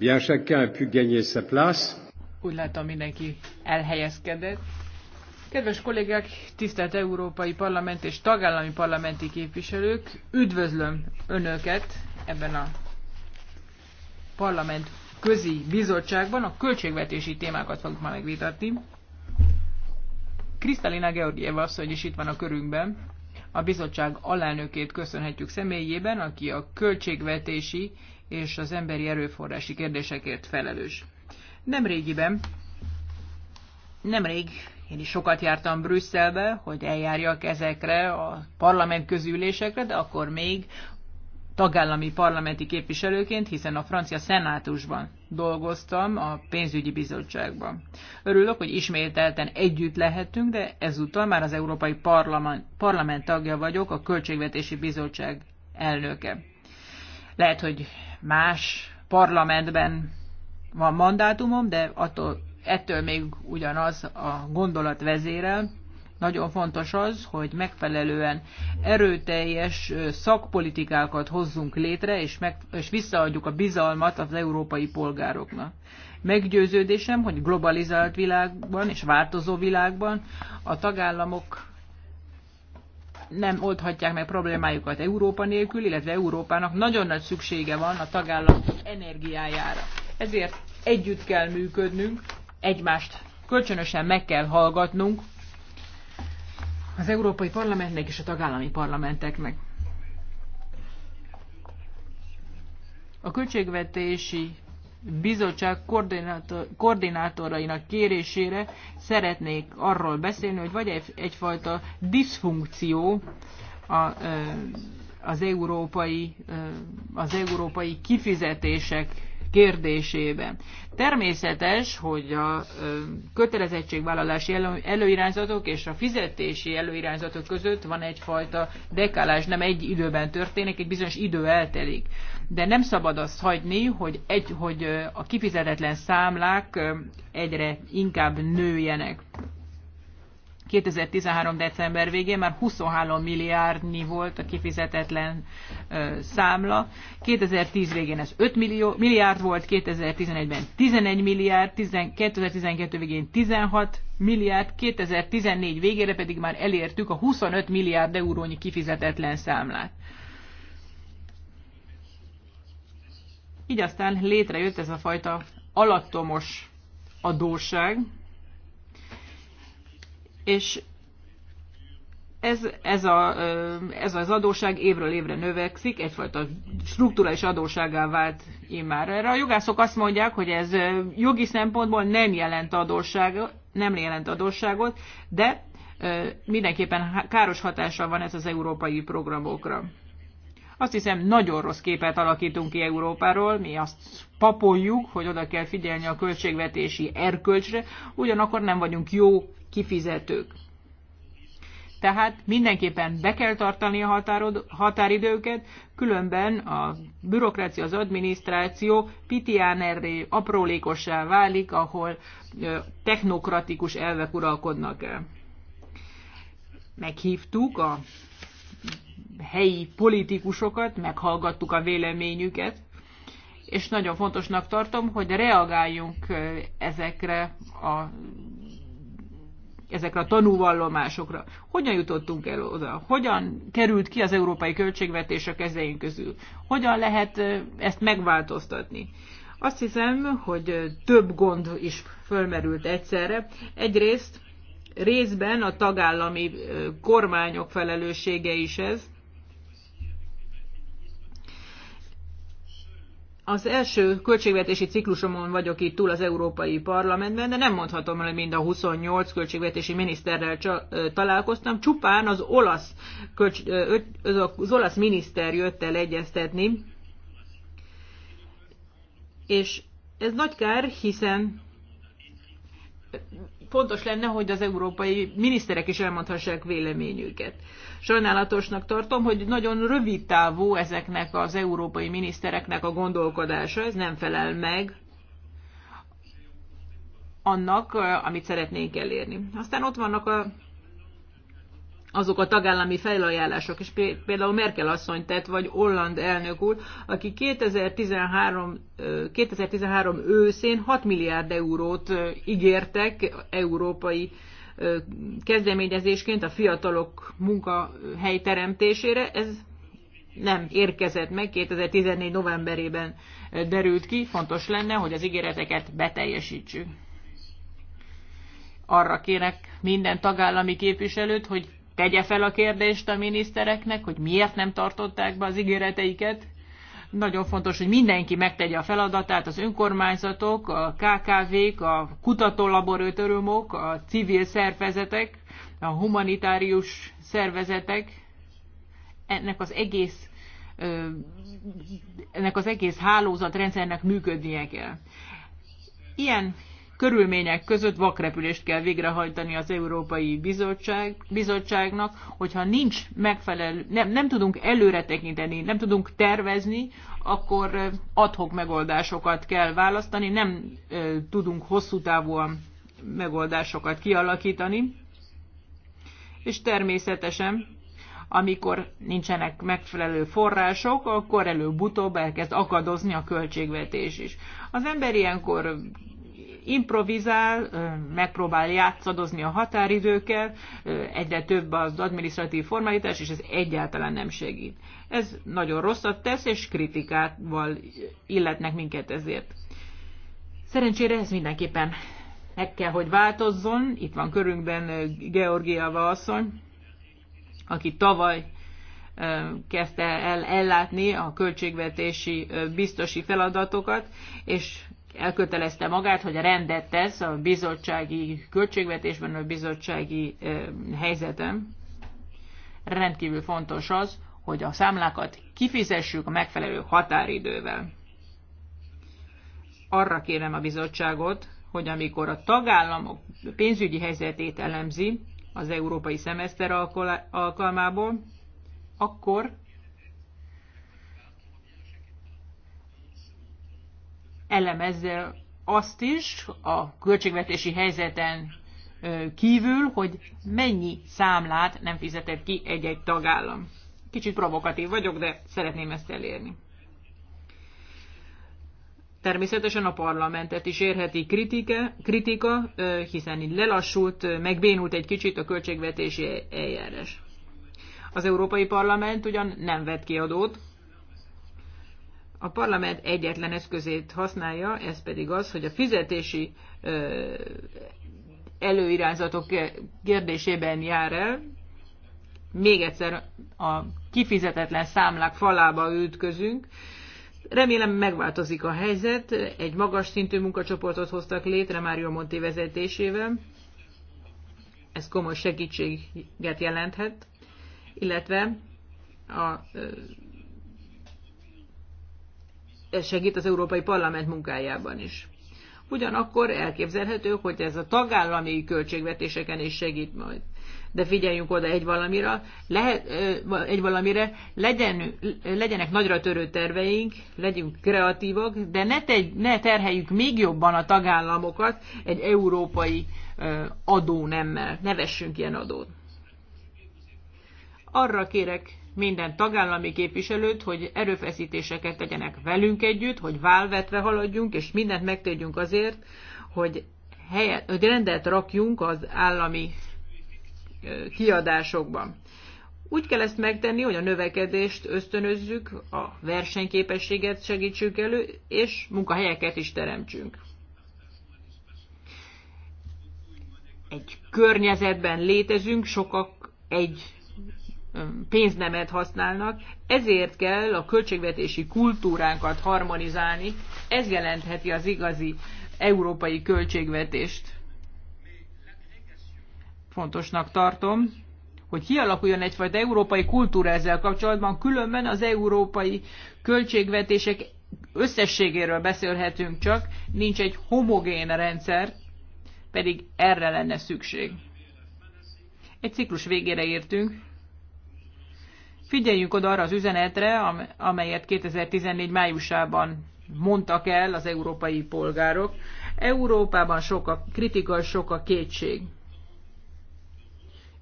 Bien, chacun a pu gagner sa place. Úgy látom, mindenki elhelyezkedett. Kedves kollégák, tisztelt Európai Parlament és tagállami parlamenti képviselők, üdvözlöm Önöket ebben a parlament közi bizottságban. A költségvetési témákat fogjuk már megvitatni. Kristalina Georgieva asszony is itt van a körünkben a bizottság alelnökét köszönhetjük személyében, aki a költségvetési és az emberi erőforrási kérdésekért felelős. Nemrégiben, nemrég én is sokat jártam Brüsszelbe, hogy eljárjak ezekre a parlament közülésekre, de akkor még tagállami parlamenti képviselőként, hiszen a francia szenátusban dolgoztam, a pénzügyi bizottságban. Örülök, hogy ismételten együtt lehetünk, de ezúttal már az Európai Parlament, parlament tagja vagyok, a Költségvetési Bizottság elnöke. Lehet, hogy más parlamentben van mandátumom, de attól, ettől még ugyanaz a gondolat vezérel, nagyon fontos az, hogy megfelelően erőteljes szakpolitikákat hozzunk létre, és, meg, és visszaadjuk a bizalmat az európai polgároknak. Meggyőződésem, hogy globalizált világban és változó világban a tagállamok nem oldhatják meg problémájukat Európa nélkül, illetve Európának nagyon nagy szüksége van a tagállamok energiájára. Ezért együtt kell működnünk, egymást kölcsönösen meg kell hallgatnunk, az Európai Parlamentnek és a tagállami parlamenteknek. A költségvetési bizottság koordinátor, koordinátorainak kérésére szeretnék arról beszélni, hogy vagy egyfajta diszfunkció a, az, európai, az európai kifizetések kérdésében. Természetes, hogy a kötelezettségvállalási előirányzatok és a fizetési előirányzatok között van egyfajta dekálás, nem egy időben történik, egy bizonyos idő eltelik. De nem szabad azt hagyni, hogy, egy, hogy a kifizetetlen számlák egyre inkább nőjenek. 2013. december végén már 23 milliárdnyi volt a kifizetetlen számla. 2010 végén ez 5 millió, milliárd volt, 2011-ben 11 milliárd, 2012 végén 16 milliárd, 2014 végére pedig már elértük a 25 milliárd eurónyi kifizetetlen számlát. Így aztán létrejött ez a fajta alattomos adósság, és ez, ez, a, ez az adóság évről évre növekszik, egyfajta struktúrális adóságá vált immár. Erre a jogászok azt mondják, hogy ez jogi szempontból nem jelent adósságot, nem jelent adósságot, de mindenképpen káros hatással van ez az európai programokra. Azt hiszem, nagyon rossz képet alakítunk ki Európáról, mi azt papoljuk, hogy oda kell figyelni a költségvetési erkölcsre, ugyanakkor nem vagyunk jó kifizetők. Tehát mindenképpen be kell tartani a határod, határidőket, különben a bürokrácia, az adminisztráció pitiánerré aprólékossá válik, ahol technokratikus elvek uralkodnak el. Meghívtuk a helyi politikusokat, meghallgattuk a véleményüket, és nagyon fontosnak tartom, hogy reagáljunk ezekre a ezekre a tanúvallomásokra. Hogyan jutottunk el oda? Hogyan került ki az európai költségvetés a kezeink közül? Hogyan lehet ezt megváltoztatni? Azt hiszem, hogy több gond is fölmerült egyszerre. Egyrészt részben a tagállami kormányok felelőssége is ez, Az első költségvetési ciklusomon vagyok itt túl az Európai Parlamentben, de nem mondhatom el, hogy mind a 28 költségvetési miniszterrel találkoztam. Csupán az olasz, az olasz miniszter jött el egyeztetni, és ez nagy kár, hiszen fontos lenne, hogy az európai miniszterek is elmondhassák véleményüket. Sajnálatosnak tartom, hogy nagyon rövid távú ezeknek az európai minisztereknek a gondolkodása, ez nem felel meg annak, amit szeretnénk elérni. Aztán ott vannak a azok a tagállami felajánlások, és például Merkel asszony tett, vagy Holland elnök úr, aki 2013, 2013 őszén 6 milliárd eurót ígértek európai kezdeményezésként a fiatalok munkahely teremtésére, ez nem érkezett meg, 2014 novemberében derült ki, fontos lenne, hogy az ígéreteket beteljesítsük. Arra kérek minden tagállami képviselőt, hogy tegye fel a kérdést a minisztereknek, hogy miért nem tartották be az ígéreteiket. Nagyon fontos, hogy mindenki megtegye a feladatát, az önkormányzatok, a KKV-k, a kutatólaborotóriumok, a civil szervezetek, a humanitárius szervezetek, ennek az egész ennek az egész hálózatrendszernek működnie kell. Ilyen körülmények között vakrepülést kell végrehajtani az Európai Bizottság, Bizottságnak, hogyha nincs megfelelő, nem, nem tudunk előre tekinteni, nem tudunk tervezni, akkor adhok megoldásokat kell választani, nem e, tudunk hosszú távúan megoldásokat kialakítani, és természetesen amikor nincsenek megfelelő források, akkor előbb-utóbb elkezd akadozni a költségvetés is. Az ember ilyenkor improvizál, megpróbál játszadozni a határidőkkel, egyre több az administratív formalitás, és ez egyáltalán nem segít. Ez nagyon rosszat tesz, és kritikával illetnek minket ezért. Szerencsére ez mindenképpen meg kell, hogy változzon. Itt van körünkben Georgiava asszony, aki tavaly kezdte el ellátni a költségvetési biztosi feladatokat, és elkötelezte magát, hogy rendet tesz a bizottsági költségvetésben, a bizottsági helyzetem. Rendkívül fontos az, hogy a számlákat kifizessük a megfelelő határidővel. Arra kérem a bizottságot, hogy amikor a tagállamok pénzügyi helyzetét elemzi az európai szemeszter alkalmából, akkor elemezze azt is a költségvetési helyzeten kívül, hogy mennyi számlát nem fizetett ki egy-egy tagállam. Kicsit provokatív vagyok, de szeretném ezt elérni. Természetesen a parlamentet is érheti kritike, kritika, hiszen így lelassult, megbénult egy kicsit a költségvetési eljárás. Az Európai Parlament ugyan nem vett ki adót, a parlament egyetlen eszközét használja, ez pedig az, hogy a fizetési előirányzatok kérdésében jár el. Még egyszer a kifizetetlen számlák falába ütközünk. Remélem megváltozik a helyzet. Egy magas szintű munkacsoportot hoztak létre Mário Monti vezetésével. Ez komoly segítséget jelenthet, illetve a ez segít az Európai Parlament munkájában is. Ugyanakkor elképzelhető, hogy ez a tagállami költségvetéseken is segít majd. De figyeljünk oda egy valamira, lehet, egy valamire, legyen, legyenek nagyra törő terveink, legyünk kreatívak, de ne, te, ne terheljük még jobban a tagállamokat egy európai adónemmel. Ne vessünk ilyen adót. Arra kérek minden tagállami képviselőt, hogy erőfeszítéseket tegyenek velünk együtt, hogy válvetve haladjunk, és mindent megtegyünk azért, hogy, helyet, hogy rendet rakjunk az állami kiadásokban. Úgy kell ezt megtenni, hogy a növekedést ösztönözzük, a versenyképességet segítsük elő, és munkahelyeket is teremtsünk. Egy környezetben létezünk, sokak egy pénznemet használnak, ezért kell a költségvetési kultúránkat harmonizálni, ez jelentheti az igazi európai költségvetést. Fontosnak tartom, hogy kialakuljon egyfajta európai kultúra ezzel kapcsolatban, különben az európai költségvetések összességéről beszélhetünk csak, nincs egy homogén rendszer, pedig erre lenne szükség. Egy ciklus végére értünk, Figyeljünk oda arra az üzenetre, amelyet 2014 májusában mondtak el az európai polgárok. Európában sok a kritika, sok a kétség.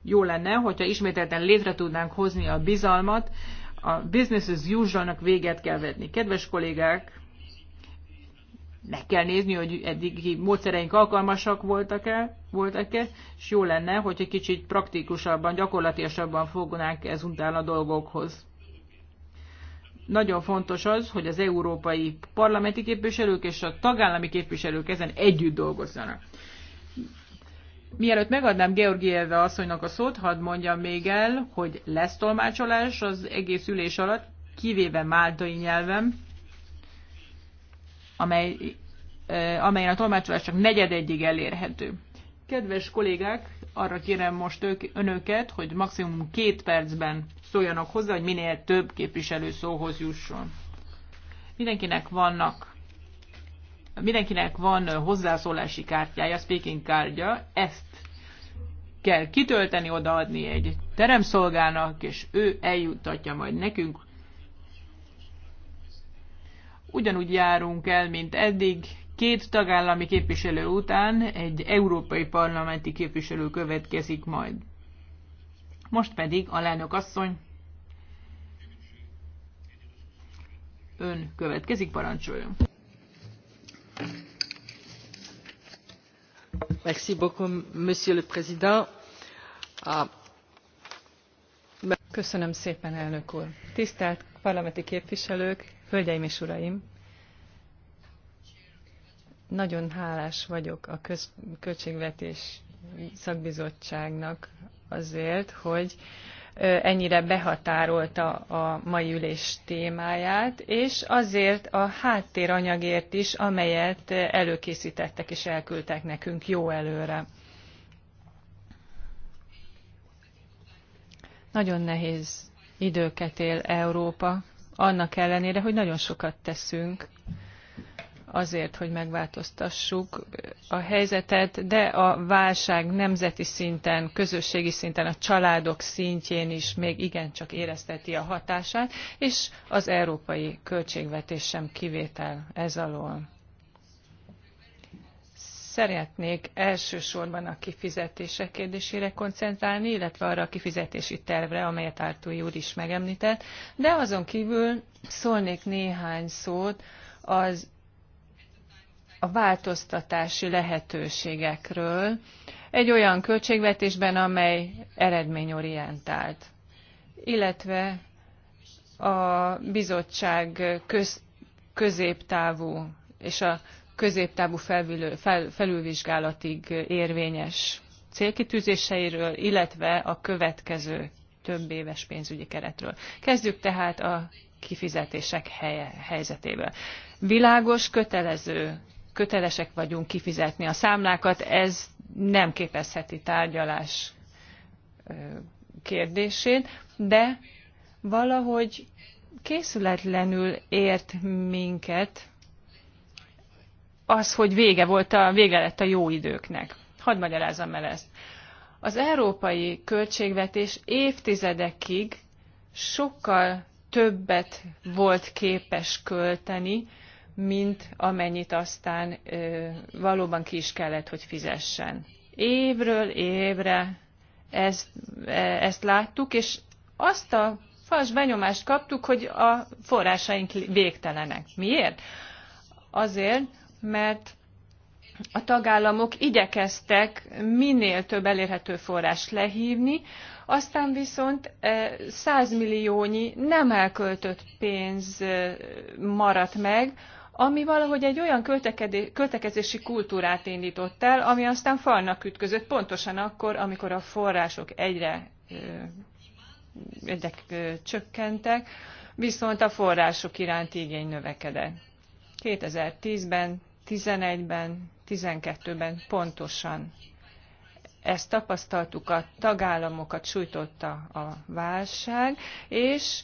Jó lenne, hogyha ismételten létre tudnánk hozni a bizalmat, a business as usual-nak véget kell vetni. Kedves kollégák, meg kell nézni, hogy eddigi módszereink alkalmasak voltak-e, voltak-e, és jó lenne, hogy egy kicsit praktikusabban, gyakorlatilasabban fognánk ezután a dolgokhoz. Nagyon fontos az, hogy az európai parlamenti képviselők és a tagállami képviselők ezen együtt dolgozzanak. Mielőtt megadnám Georgieve asszonynak a szót, hadd mondjam még el, hogy lesz tolmácsolás az egész ülés alatt, kivéve máltai nyelven, amely, amelyen a tolmácsolás csak negyedegyig elérhető. Kedves kollégák, arra kérem most ők, önöket, hogy maximum két percben szóljanak hozzá, hogy minél több képviselő szóhoz jusson. Mindenkinek vannak mindenkinek van hozzászólási kártyája, speaking kártya, ezt kell kitölteni, odaadni egy teremszolgának, és ő eljutatja majd nekünk, ugyanúgy járunk el, mint eddig, két tagállami képviselő után egy európai parlamenti képviselő következik majd. Most pedig a alelnök asszony, ön következik, parancsoljon. Merci beaucoup, monsieur le président. Ah, Köszönöm szépen, elnök úr. Tisztelt parlamenti képviselők, Hölgyeim és uraim, nagyon hálás vagyok a köz, költségvetés szakbizottságnak azért, hogy ennyire behatárolta a mai ülés témáját, és azért a háttéranyagért is, amelyet előkészítettek és elküldtek nekünk jó előre. Nagyon nehéz időket él Európa, annak ellenére, hogy nagyon sokat teszünk azért, hogy megváltoztassuk a helyzetet, de a válság nemzeti szinten, közösségi szinten, a családok szintjén is még igencsak érezteti a hatását, és az európai költségvetés sem kivétel ez alól szeretnék elsősorban a kifizetések kérdésére koncentrálni, illetve arra a kifizetési tervre, amelyet Ártói úr is megemlített, de azon kívül szólnék néhány szót az a változtatási lehetőségekről egy olyan költségvetésben, amely eredményorientált, illetve a bizottság köz, középtávú és a középtávú fel, felülvizsgálatig érvényes célkitűzéseiről, illetve a következő több éves pénzügyi keretről. Kezdjük tehát a kifizetések helye, helyzetével. Világos, kötelező, kötelesek vagyunk kifizetni a számlákat, ez nem képezheti tárgyalás kérdését, de valahogy készületlenül ért minket az, hogy vége, volt a, vége lett a jó időknek. Hadd magyarázzam el ezt. Az európai költségvetés évtizedekig sokkal többet volt képes költeni, mint amennyit aztán ö, valóban ki is kellett, hogy fizessen. Évről évre ezt, e, ezt láttuk, és azt a fals benyomást kaptuk, hogy a forrásaink végtelenek. Miért? Azért, mert a tagállamok igyekeztek minél több elérhető forrást lehívni, aztán viszont 100 eh, nem elköltött pénz eh, maradt meg, ami valahogy egy olyan költekezési kultúrát indított el, ami aztán falnak ütközött pontosan akkor, amikor a források egyre, eh, egyre csökkentek, viszont a források iránti igény növekedett. 2010-ben 11 ben 12-ben pontosan ezt tapasztaltuk, a tagállamokat sújtotta a válság, és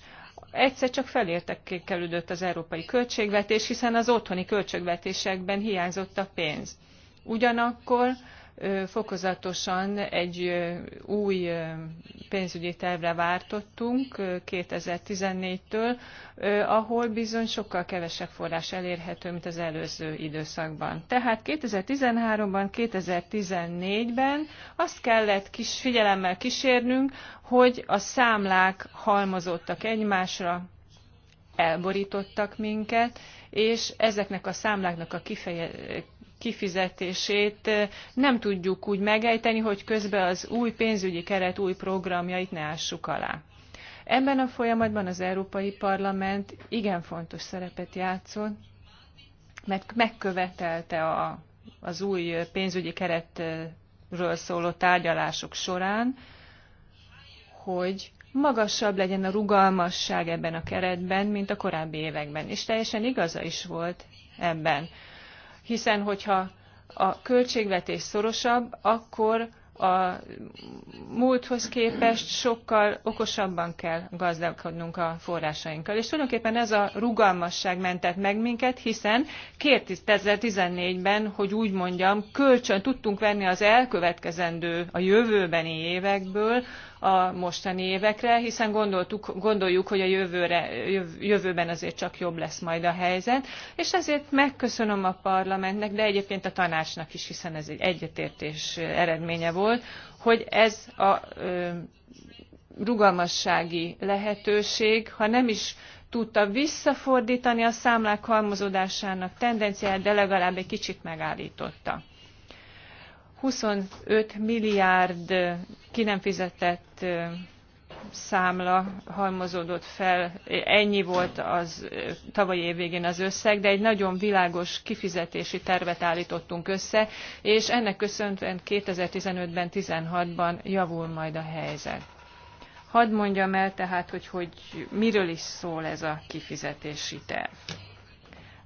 egyszer csak felértekelődött az európai költségvetés, hiszen az otthoni költségvetésekben hiányzott a pénz. Ugyanakkor fokozatosan egy új pénzügyi tervre vártottunk 2014-től, ahol bizony sokkal kevesebb forrás elérhető, mint az előző időszakban. Tehát 2013-ban, 2014-ben azt kellett kis figyelemmel kísérnünk, hogy a számlák halmozottak egymásra, elborítottak minket, és ezeknek a számláknak a kifizetését nem tudjuk úgy megejteni, hogy közben az új pénzügyi keret új programjait ne ássuk alá. Ebben a folyamatban az Európai Parlament igen fontos szerepet játszott, mert megkövetelte a, az új pénzügyi keretről szóló tárgyalások során, hogy magasabb legyen a rugalmasság ebben a keretben, mint a korábbi években. És teljesen igaza is volt ebben hiszen hogyha a költségvetés szorosabb, akkor a múlthoz képest sokkal okosabban kell gazdálkodnunk a forrásainkkal. És tulajdonképpen ez a rugalmasság mentett meg minket, hiszen 2014-ben, hogy úgy mondjam, kölcsön tudtunk venni az elkövetkezendő, a jövőbeni évekből a mostani évekre, hiszen gondoltuk, gondoljuk, hogy a jövőre, jövőben azért csak jobb lesz majd a helyzet, és ezért megköszönöm a parlamentnek, de egyébként a tanácsnak is, hiszen ez egy egyetértés eredménye volt, hogy ez a rugalmassági lehetőség, ha nem is tudta visszafordítani a számlák halmozódásának tendenciáját, de legalább egy kicsit megállította. 25 milliárd ki nem fizetett számla halmozódott fel. Ennyi volt az tavalyi év végén az összeg, de egy nagyon világos kifizetési tervet állítottunk össze, és ennek köszönhetően 2015-ben, 16-ban javul majd a helyzet. Hadd mondjam el tehát, hogy, hogy miről is szól ez a kifizetési terv.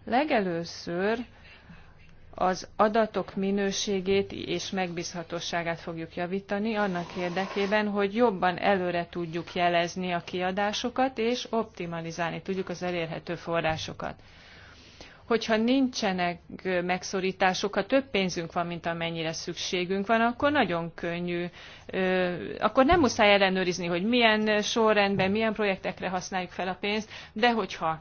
Legelőször az adatok minőségét és megbízhatóságát fogjuk javítani annak érdekében, hogy jobban előre tudjuk jelezni a kiadásokat, és optimalizálni tudjuk az elérhető forrásokat. Hogyha nincsenek megszorítások, ha több pénzünk van, mint amennyire szükségünk van, akkor nagyon könnyű, akkor nem muszáj ellenőrizni, hogy milyen sorrendben, milyen projektekre használjuk fel a pénzt, de hogyha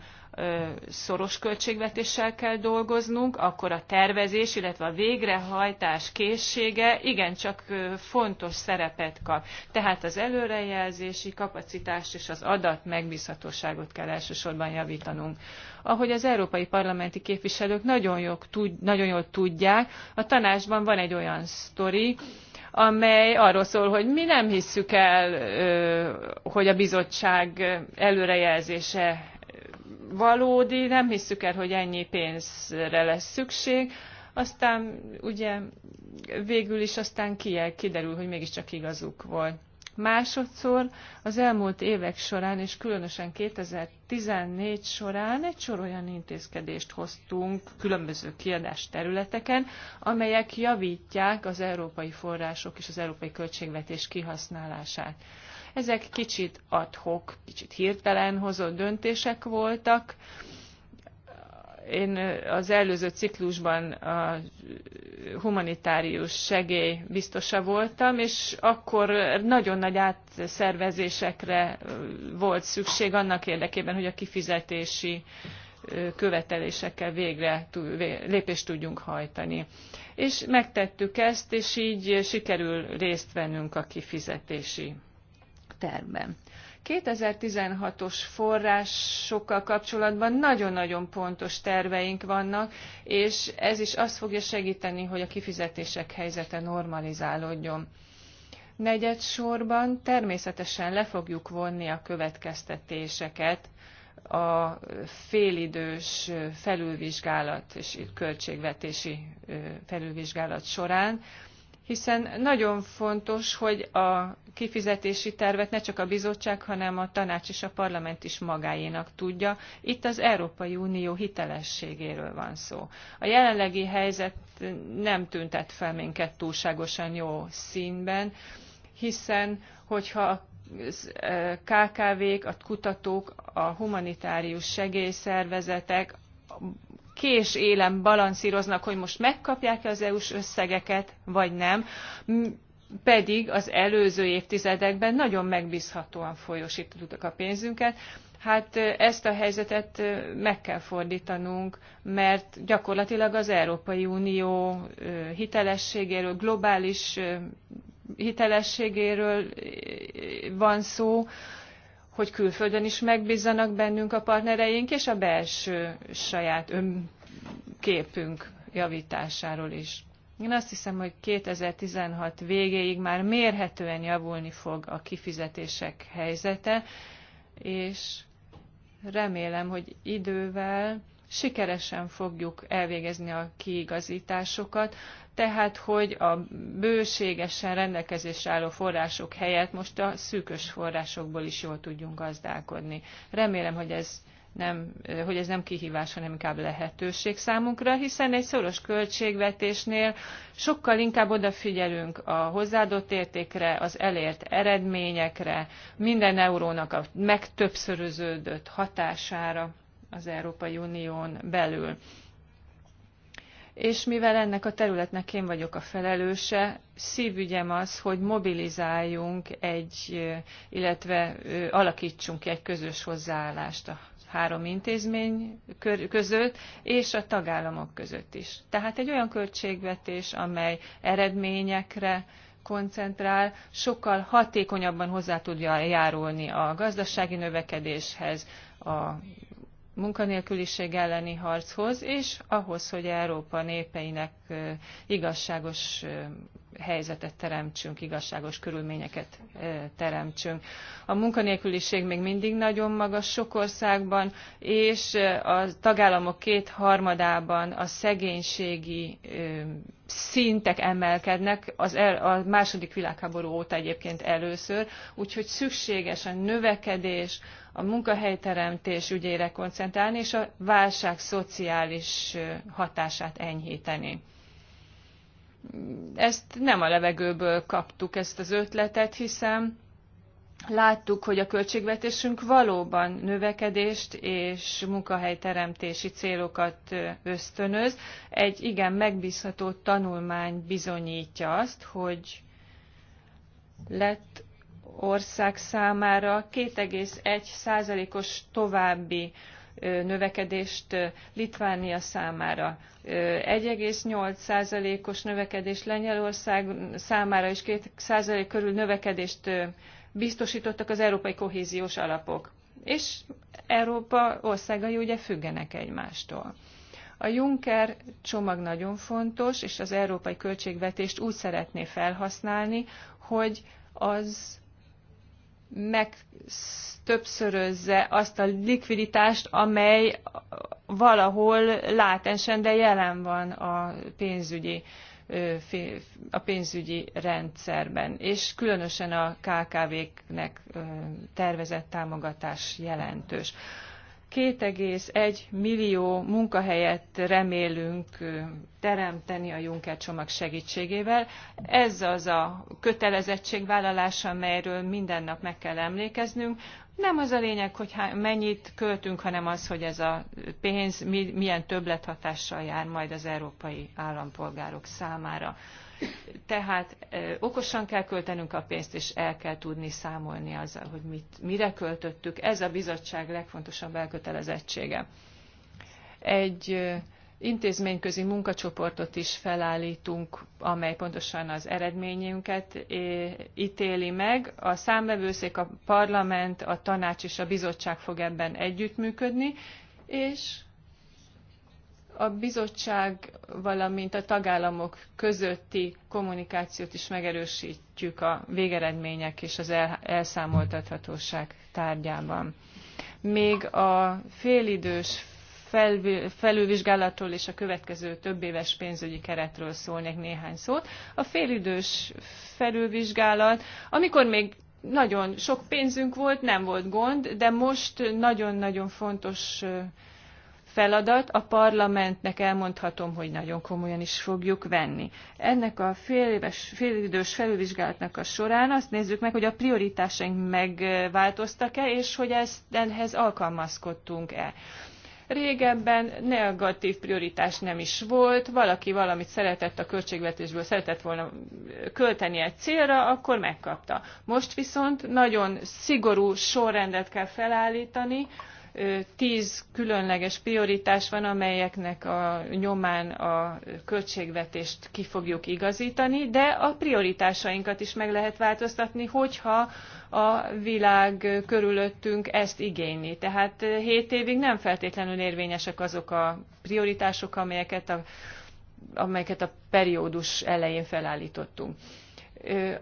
szoros költségvetéssel kell dolgoznunk, akkor a tervezés, illetve a végrehajtás készsége igencsak fontos szerepet kap. Tehát az előrejelzési kapacitást és az adat megbízhatóságot kell elsősorban javítanunk. Ahogy az európai parlamenti képviselők nagyon jól, tud, nagyon jól tudják, a tanácsban van egy olyan sztori, amely arról szól, hogy mi nem hisszük el, hogy a bizottság előrejelzése valódi, nem hiszük el, hogy ennyi pénzre lesz szükség, aztán ugye végül is aztán kiderül, hogy mégiscsak igazuk volt. Másodszor az elmúlt évek során, és különösen 2014 során egy sor olyan intézkedést hoztunk különböző kiadás területeken, amelyek javítják az európai források és az európai költségvetés kihasználását. Ezek kicsit adhok, kicsit hirtelen hozott döntések voltak. Én az előző ciklusban a humanitárius segély biztosa voltam, és akkor nagyon nagy átszervezésekre volt szükség annak érdekében, hogy a kifizetési követelésekkel végre lépést tudjunk hajtani. És megtettük ezt, és így sikerül részt vennünk a kifizetési termben. 2016-os forrásokkal kapcsolatban nagyon-nagyon pontos terveink vannak, és ez is azt fogja segíteni, hogy a kifizetések helyzete normalizálódjon. Negyed sorban természetesen le fogjuk vonni a következtetéseket a félidős felülvizsgálat és költségvetési felülvizsgálat során, hiszen nagyon fontos, hogy a kifizetési tervet ne csak a bizottság, hanem a tanács és a parlament is magáénak tudja. Itt az Európai Unió hitelességéről van szó. A jelenlegi helyzet nem tüntet fel minket túlságosan jó színben, hiszen hogyha a KKV-k, a kutatók, a humanitárius segélyszervezetek kés élen balanszroznak hogy most megkapják-e az EU-s összegeket, vagy nem, pedig az előző évtizedekben nagyon megbzhatóan folyóstottuk a pénzünket. Hát ezt a helyzetet meg kell fordítanunk, mert gyakorlatilag az Európai Unió hitelességéről, globális hitelességéről van szó, hogy külföldön is megbízzanak bennünk a partnereink, és a belső saját önképünk javításáról is. Én azt hiszem, hogy 2016 végéig már mérhetően javulni fog a kifizetések helyzete, és remélem, hogy idővel sikeresen fogjuk elvégezni a kiigazításokat, tehát hogy a bőségesen rendelkezésre álló források helyett most a szűkös forrásokból is jól tudjunk gazdálkodni. Remélem, hogy ez nem, hogy ez nem kihívás, hanem inkább lehetőség számunkra, hiszen egy szoros költségvetésnél sokkal inkább odafigyelünk a hozzáadott értékre, az elért eredményekre, minden eurónak a megtöbbszöröződött hatására az Európai Unión belül. És mivel ennek a területnek én vagyok a felelőse, szívügyem az, hogy mobilizáljunk egy, illetve alakítsunk egy közös hozzáállást a három intézmény között és a tagállamok között is. Tehát egy olyan költségvetés, amely eredményekre koncentrál, sokkal hatékonyabban hozzá tudja járulni a gazdasági növekedéshez, a munkanélküliség elleni harchoz, és ahhoz, hogy Európa népeinek igazságos helyzetet teremtsünk, igazságos körülményeket teremtsünk. A munkanélküliség még mindig nagyon magas sok országban, és a tagállamok kétharmadában a szegénységi szintek emelkednek, az el, a második világháború óta egyébként először, úgyhogy szükséges a növekedés, a munkahelyteremtés ügyére koncentrálni, és a válság szociális hatását enyhíteni. Ezt nem a levegőből kaptuk, ezt az ötletet, hiszen láttuk, hogy a költségvetésünk valóban növekedést és munkahelyteremtési célokat ösztönöz. Egy igen megbízható tanulmány bizonyítja azt, hogy lett ország számára 2,1%-os további növekedést Litvánia számára. 1,8%-os növekedést Lengyelország számára és 2% körül növekedést biztosítottak az európai kohéziós alapok. És Európa országai ugye függenek egymástól. A Juncker csomag nagyon fontos, és az európai költségvetést úgy szeretné felhasználni, hogy az meg többszörözze azt a likviditást, amely valahol látensen, de jelen van a pénzügyi, a pénzügyi rendszerben, és különösen a KKV-knek tervezett támogatás jelentős. 2,1 millió munkahelyet remélünk teremteni a Juncker csomag segítségével. Ez az a kötelezettségvállalás, amelyről minden nap meg kell emlékeznünk. Nem az a lényeg, hogy mennyit költünk, hanem az, hogy ez a pénz milyen többlethatással jár majd az európai állampolgárok számára. Tehát okosan kell költenünk a pénzt, és el kell tudni számolni azzal, hogy mit, mire költöttük. Ez a bizottság legfontosabb elkötelezettsége. Egy intézményközi munkacsoportot is felállítunk, amely pontosan az eredményünket ítéli meg. A számvevőszék, a parlament, a tanács és a bizottság fog ebben együttműködni, és a bizottság, valamint a tagállamok közötti kommunikációt is megerősítjük a végeredmények és az elszámoltathatóság tárgyában. Még a félidős felülvizsgálatról és a következő több éves pénzügyi keretről szólnék néhány szót. A félidős felülvizsgálat, amikor még nagyon sok pénzünk volt, nem volt gond, de most nagyon-nagyon fontos feladat, a parlamentnek elmondhatom, hogy nagyon komolyan is fogjuk venni. Ennek a félidős fél felülvizsgálatnak a során azt nézzük meg, hogy a prioritásaink megváltoztak-e, és hogy ezt, ehhez alkalmazkodtunk-e régebben negatív prioritás nem is volt, valaki valamit szeretett a költségvetésből, szeretett volna költeni egy célra, akkor megkapta. Most viszont nagyon szigorú sorrendet kell felállítani, tz különleges prioritás van, amelyeknek a nyomán a költségvetést ki fogjuk igazítani, de a prioritásainkat is meg lehet változtatni, hogyha a világ körülöttünk ezt igényli. Tehát hét évig nem feltétlenül érvényesek azok a prioritások, amelyeket a, amelyeket a periódus elején felállítottunk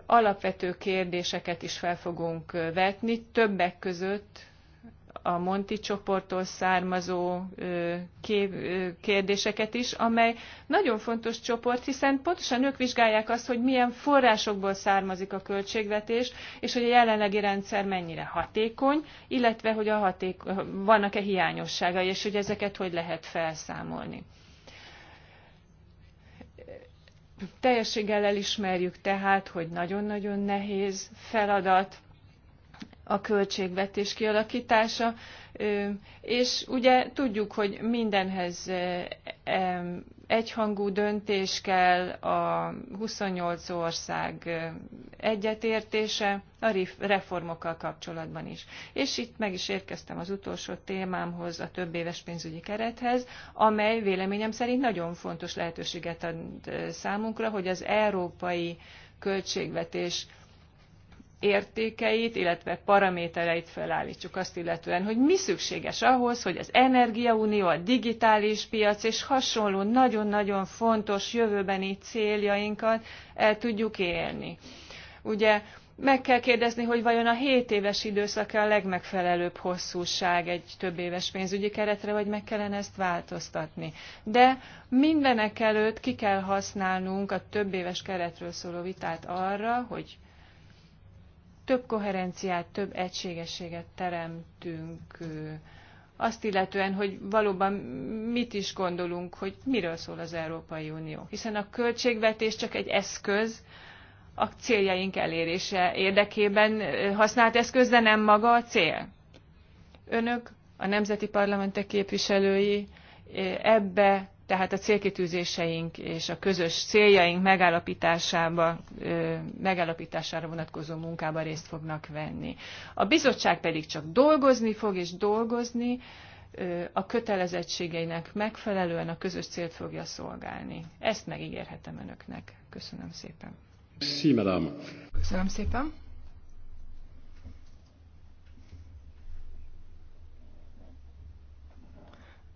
alapvető kérdéseket is fel fogunk vetni, többek között a Monti csoporttól származó kérdéseket is, amely nagyon fontos csoport, hiszen pontosan ők vizsgálják azt, hogy milyen forrásokból származik a költségvetés, és hogy a jelenlegi rendszer mennyire hatékony, illetve hogy a haték, vannak-e hiányosságai, és hogy ezeket hogy lehet felszámolni. Teljességgel elismerjük tehát, hogy nagyon-nagyon nehéz feladat, a költségvetés kialakítása, és ugye tudjuk, hogy mindenhez egyhangú döntés kell, a 28 ország egyetértése a reformokkal kapcsolatban is. És itt meg is érkeztem az utolsó témámhoz, a több éves pénzügyi kerethez, amely véleményem szerint nagyon fontos lehetőséget ad számunkra, hogy az európai költségvetés értékeit, illetve paramétereit felállítsuk azt illetően, hogy mi szükséges ahhoz, hogy az energiaunió, a digitális piac és hasonló nagyon-nagyon fontos jövőbeni céljainkat el tudjuk élni. Ugye meg kell kérdezni, hogy vajon a 7 éves időszak a legmegfelelőbb hosszúság egy több éves pénzügyi keretre, vagy meg kellene ezt változtatni. De mindenek előtt ki kell használnunk a több éves keretről szóló vitát arra, hogy több koherenciát, több egységességet teremtünk azt illetően, hogy valóban mit is gondolunk, hogy miről szól az Európai Unió. Hiszen a költségvetés csak egy eszköz, a céljaink elérése érdekében használt eszköz, de nem maga a cél. Önök, a nemzeti parlamentek képviselői ebbe tehát a célkitűzéseink és a közös céljaink megállapításába, megállapítására vonatkozó munkába részt fognak venni. A bizottság pedig csak dolgozni fog és dolgozni, a kötelezettségeinek megfelelően a közös célt fogja szolgálni. Ezt megígérhetem önöknek. Köszönöm szépen. Köszönöm szépen.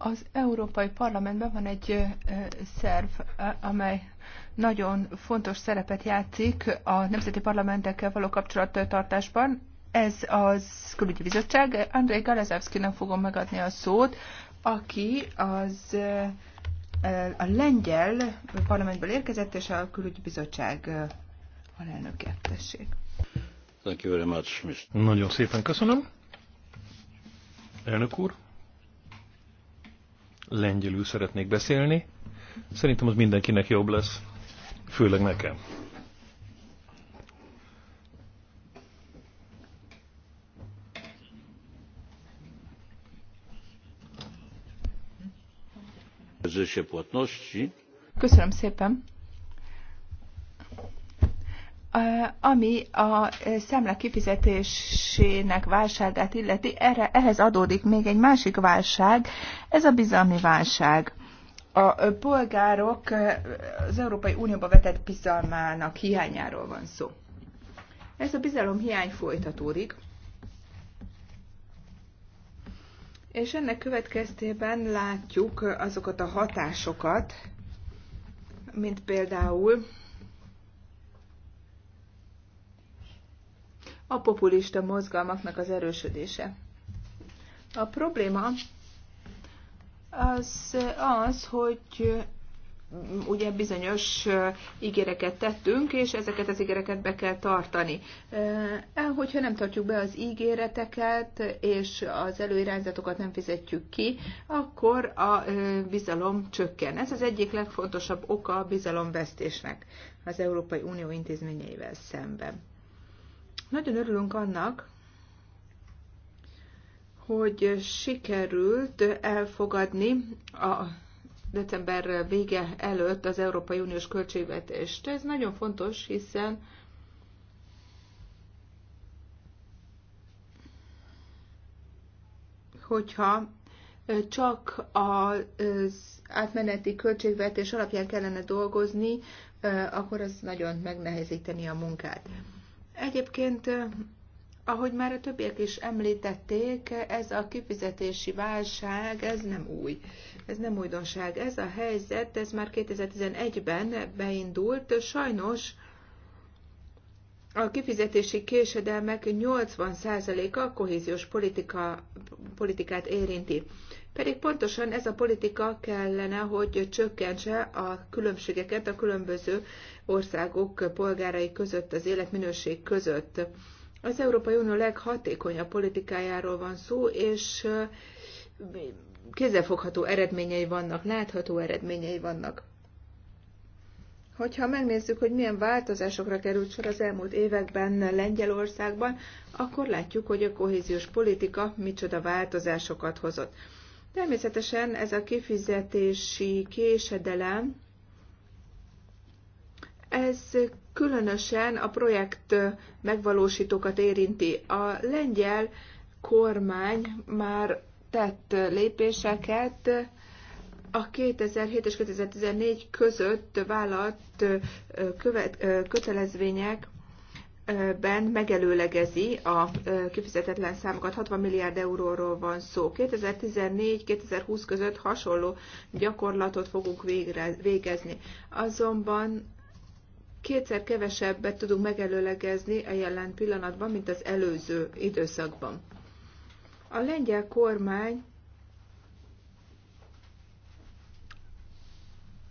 Az Európai Parlamentben van egy szerv, amely nagyon fontos szerepet játszik a nemzeti parlamentekkel való kapcsolattartásban. Ez az külügyi bizottság. Andrei nem fogom megadni a szót, aki az a lengyel parlamentből érkezett, és a külügyi bizottság alelnöke. Tessék. Thank you very much, Mr. Nagyon szépen köszönöm. Elnök úr, lengyelül szeretnék beszélni. Szerintem az mindenkinek jobb lesz, főleg nekem. Köszönöm szépen! ami a szemle kifizetésének válságát illeti, erre, ehhez adódik még egy másik válság, ez a bizalmi válság. A polgárok az Európai Unióba vetett bizalmának hiányáról van szó. Ez a bizalom hiány folytatódik, és ennek következtében látjuk azokat a hatásokat, mint például a populista mozgalmaknak az erősödése. A probléma az az, hogy mm, ugye bizonyos ígéreket tettünk, és ezeket az ígéreket be kell tartani. E, hogyha nem tartjuk be az ígéreteket, és az előirányzatokat nem fizetjük ki, akkor a bizalom csökken. Ez az egyik legfontosabb oka a bizalomvesztésnek az Európai Unió intézményeivel szemben. Nagyon örülünk annak, hogy sikerült elfogadni a december vége előtt az Európai Uniós költségvetést. Ez nagyon fontos, hiszen hogyha csak az átmeneti költségvetés alapján kellene dolgozni, akkor az nagyon megnehezíteni a munkát. Egyébként, ahogy már a többiek is említették, ez a kifizetési válság, ez nem új. Ez nem újdonság. Ez a helyzet, ez már 2011-ben beindult. Sajnos a kifizetési késedelmek 80%-a a kohéziós politika, politikát érinti. Pedig pontosan ez a politika kellene, hogy csökkentse a különbségeket a különböző országok polgárai között, az életminőség között. Az Európai Unió leghatékonyabb politikájáról van szó, és kézzelfogható eredményei vannak, látható eredményei vannak. Hogyha megnézzük, hogy milyen változásokra került sor az elmúlt években Lengyelországban, akkor látjuk, hogy a kohéziós politika micsoda változásokat hozott. Természetesen ez a kifizetési késedelem ez különösen a projekt megvalósítókat érinti. A lengyel kormány már tett lépéseket, a 2007 és 2014 között vállalt követ, kötelezvények ben megelőlegezi a kifizetetlen számokat, 60 milliárd euróról van szó. 2014-2020 között hasonló gyakorlatot fogunk végre, végezni. Azonban kétszer kevesebbet tudunk megelőlegezni a jelen pillanatban, mint az előző időszakban. A lengyel kormány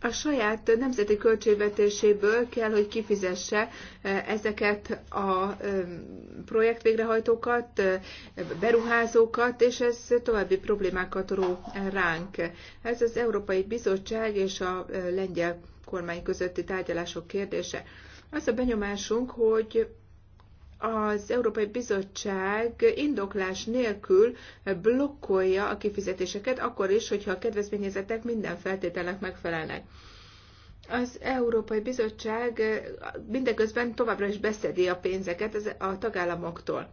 a saját nemzeti költségvetéséből kell, hogy kifizesse eh, ezeket a eh, projektvégrehajtókat, eh, beruházókat, és ez további problémákat ró ránk. Ez az Európai Bizottság és a lengyel kormány közötti tárgyalások kérdése. Az a benyomásunk, hogy az Európai Bizottság indoklás nélkül blokkolja a kifizetéseket, akkor is, hogyha a kedvezményezettek minden feltételnek megfelelnek. Az Európai Bizottság mindeközben továbbra is beszedi a pénzeket a tagállamoktól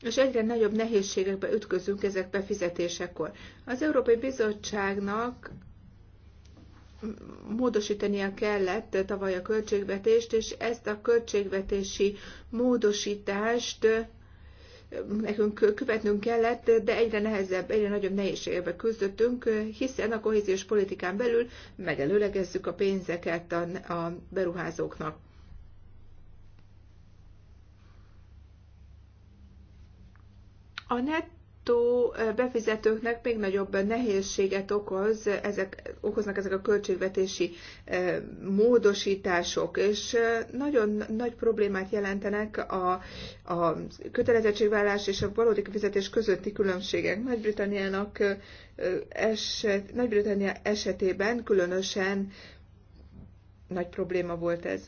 és egyre nagyobb nehézségekbe ütközünk ezek befizetésekor. Az Európai Bizottságnak módosítania kellett tavaly a költségvetést, és ezt a költségvetési módosítást nekünk követnünk kellett, de egyre nehezebb, egyre nagyobb nehézségekbe küzdöttünk, hiszen a kohéziós politikán belül megelőlegezzük a pénzeket a, a beruházóknak. A net nettó befizetőknek még nagyobb nehézséget okoz, ezek, okoznak ezek a költségvetési módosítások, és nagyon nagy problémát jelentenek a, a kötelezettségvállás és a valódi fizetés közötti különbségek. Nagy-Britanniának eset, Nagy-Britannia esetében különösen nagy probléma volt ez.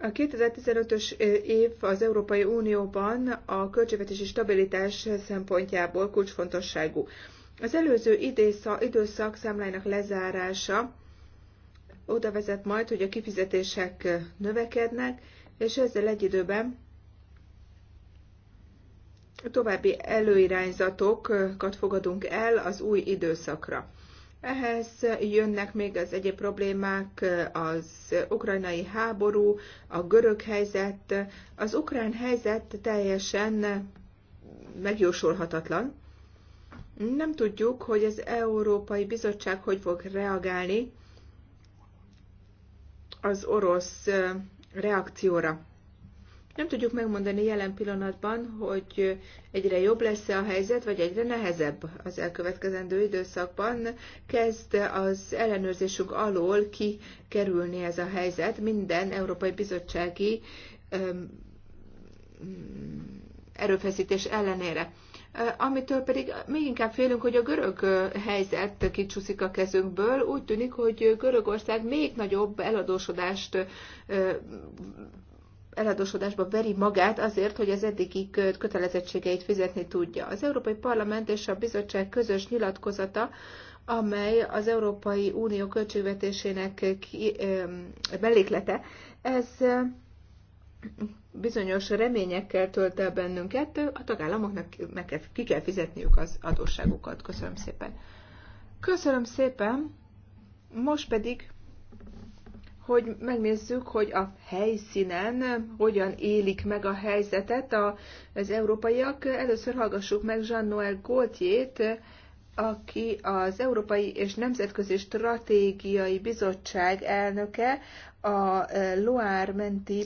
A 2015-ös év az Európai Unióban a költségvetési stabilitás szempontjából kulcsfontosságú. Az előző időszak számláinak lezárása oda vezet majd, hogy a kifizetések növekednek, és ezzel egy időben további előirányzatokat fogadunk el az új időszakra. Ehhez jönnek még az egyéb problémák, az ukrajnai háború, a görög helyzet. Az ukrán helyzet teljesen megjósolhatatlan. Nem tudjuk, hogy az Európai Bizottság hogy fog reagálni az orosz reakcióra. Nem tudjuk megmondani jelen pillanatban, hogy egyre jobb lesz-e a helyzet, vagy egyre nehezebb az elkövetkezendő időszakban. Kezd az ellenőrzésünk alól kikerülni ez a helyzet. Minden Európai Bizottsági erőfeszítés ellenére. Amitől pedig még inkább félünk, hogy a görög helyzet kicsúszik a kezünkből. Úgy tűnik, hogy Görögország még nagyobb eladósodást eladósodásba veri magát azért, hogy az eddigi kötelezettségeit fizetni tudja. Az Európai Parlament és a Bizottság közös nyilatkozata, amely az Európai Unió költségvetésének ki, beléklete, ez bizonyos reményekkel tölt el bennünket, a tagállamoknak meg kell, ki kell fizetniük az adósságukat. Köszönöm szépen. Köszönöm szépen, most pedig hogy megnézzük, hogy a helyszínen hogyan élik meg a helyzetet a, az európaiak. Először hallgassuk meg Jean-Noël Gaultier-t, aki az Európai és Nemzetközi Stratégiai Bizottság elnöke, a eh, Loire menti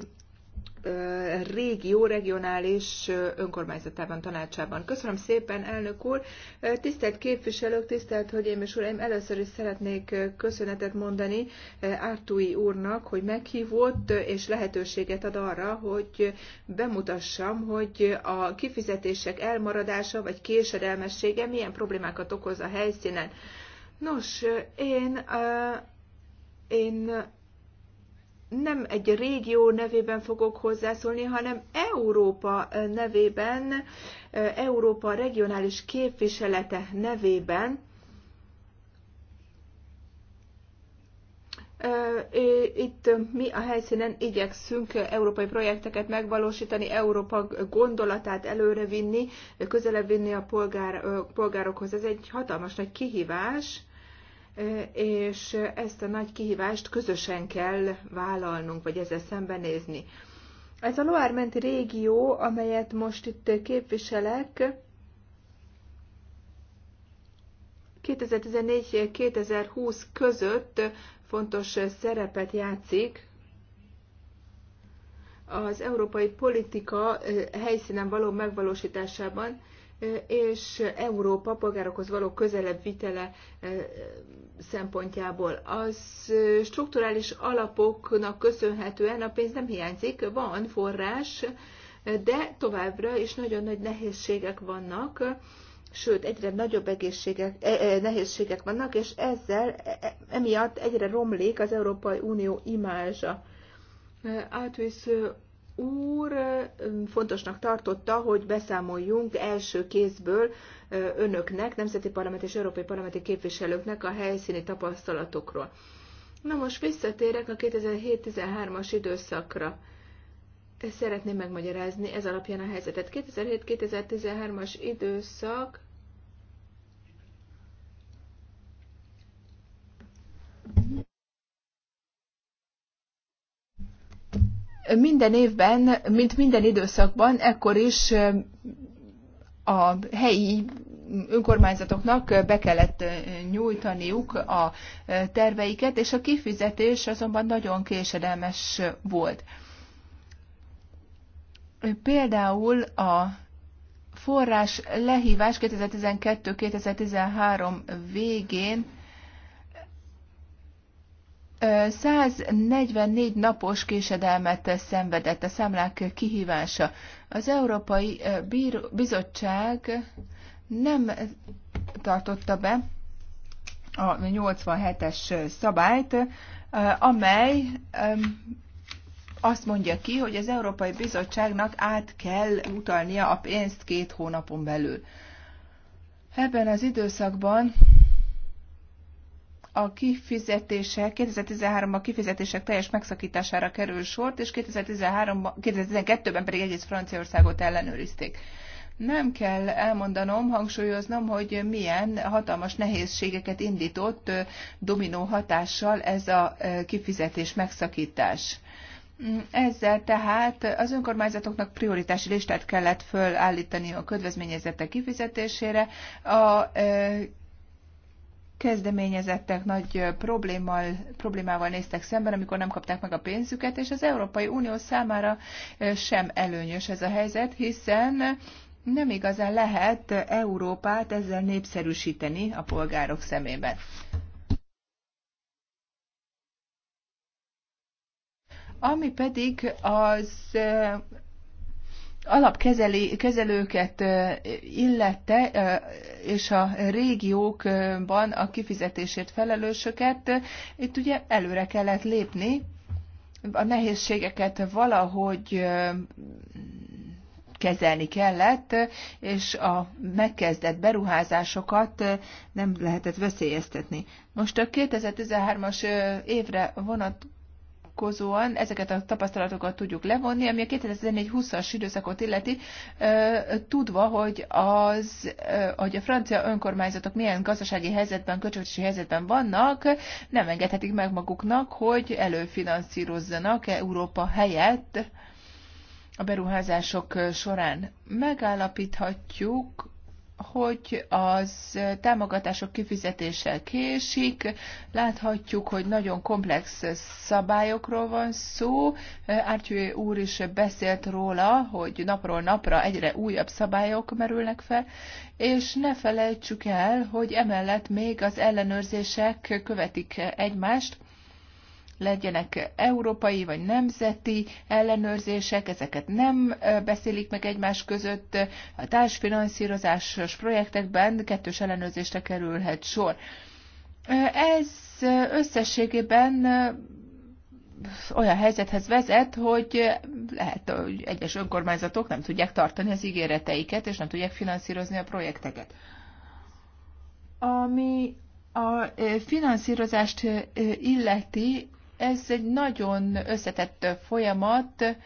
régió regionális önkormányzatában, tanácsában. Köszönöm szépen, elnök úr! Tisztelt képviselők, tisztelt hölgyeim és uraim! Először is szeretnék köszönetet mondani Ártúi úrnak, hogy meghívott és lehetőséget ad arra, hogy bemutassam, hogy a kifizetések elmaradása vagy késedelmessége milyen problémákat okoz a helyszínen. Nos, én, én nem egy régió nevében fogok hozzászólni, hanem Európa nevében, Európa regionális képviselete nevében, Itt mi a helyszínen igyekszünk európai projekteket megvalósítani, Európa gondolatát előrevinni, közelebb vinni a polgár, polgárokhoz. Ez egy hatalmas nagy kihívás, és ezt a nagy kihívást közösen kell vállalnunk, vagy ezzel szembenézni. Ez a Loire menti régió, amelyet most itt képviselek, 2014-2020 között fontos szerepet játszik az európai politika helyszínen való megvalósításában, és Európa polgárokhoz való közelebb vitele szempontjából. Az strukturális alapoknak köszönhetően a pénz nem hiányzik, van forrás, de továbbra is nagyon nagy nehézségek vannak, sőt, egyre nagyobb egészségek, e, e, nehézségek vannak, és ezzel e, emiatt egyre romlik az Európai Unió imázsa. Átvisz úr fontosnak tartotta, hogy beszámoljunk első kézből önöknek, nemzeti parlament és európai parlamenti képviselőknek a helyszíni tapasztalatokról. Na most visszatérek a 2007-13-as időszakra. Szeretném megmagyarázni ez alapján a helyzetet. 2007-2013-as időszak minden évben, mint minden időszakban, ekkor is a helyi önkormányzatoknak be kellett nyújtaniuk a terveiket, és a kifizetés azonban nagyon késedelmes volt. Például a forrás lehívás 2012-2013 végén 144 napos késedelmet szenvedett a számlák kihívása. Az Európai Bizottság nem tartotta be a 87-es szabályt, amely azt mondja ki, hogy az Európai Bizottságnak át kell utalnia a pénzt két hónapon belül. Ebben az időszakban a kifizetések, 2013-ban a kifizetések teljes megszakítására kerül sort, és 2012 ben pedig egész Franciaországot ellenőrizték. Nem kell elmondanom, hangsúlyoznom, hogy milyen hatalmas nehézségeket indított dominó hatással ez a kifizetés megszakítás. Mm, ezzel tehát az önkormányzatoknak prioritási listát kellett fölállítani a ködvezményezettek kifizetésére. A kezdeményezettek nagy problémával, problémával néztek szemben, amikor nem kapták meg a pénzüket, és az Európai Unió számára sem előnyös ez a helyzet, hiszen nem igazán lehet Európát ezzel népszerűsíteni a polgárok szemében. Ami pedig az alapkezelőket illette, és a régiókban a kifizetésért felelősöket, itt ugye előre kellett lépni, a nehézségeket valahogy kezelni kellett, és a megkezdett beruházásokat nem lehetett veszélyeztetni. Most a 2013-as évre vonat vonatkozóan ezeket a tapasztalatokat tudjuk levonni, ami a 2014-20-as időszakot illeti, tudva, hogy, az, hogy a francia önkormányzatok milyen gazdasági helyzetben, költségvetési helyzetben vannak, nem engedhetik meg maguknak, hogy előfinanszírozzanak e Európa helyett a beruházások során. Megállapíthatjuk, hogy az támogatások kifizetése késik. Láthatjuk, hogy nagyon komplex szabályokról van szó. Ártyújé úr is beszélt róla, hogy napról napra egyre újabb szabályok merülnek fel, és ne felejtsük el, hogy emellett még az ellenőrzések követik egymást, legyenek európai vagy nemzeti ellenőrzések, ezeket nem beszélik meg egymás között. A társfinanszírozásos projektekben kettős ellenőrzésre kerülhet sor. Ez összességében olyan helyzethez vezet, hogy lehet, hogy egyes önkormányzatok nem tudják tartani az ígéreteiket, és nem tudják finanszírozni a projekteket. Ami a finanszírozást illeti, ez egy nagyon összetett folyamat,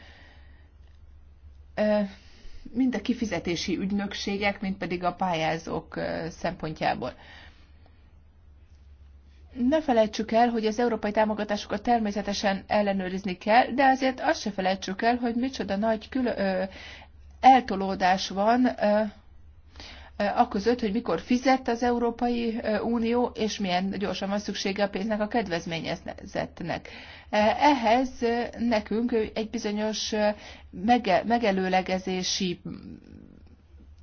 mind a kifizetési ügynökségek, mind pedig a pályázók szempontjából. Ne felejtsük el, hogy az európai támogatásokat természetesen ellenőrizni kell, de azért azt se felejtsük el, hogy micsoda nagy ö, eltolódás van Eh, aközött, hogy mikor fizet az Európai eh, Unió, és milyen gyorsan van szüksége a pénznek a kedvezményezettnek. Eh, ehhez nekünk egy bizonyos megelőlegezési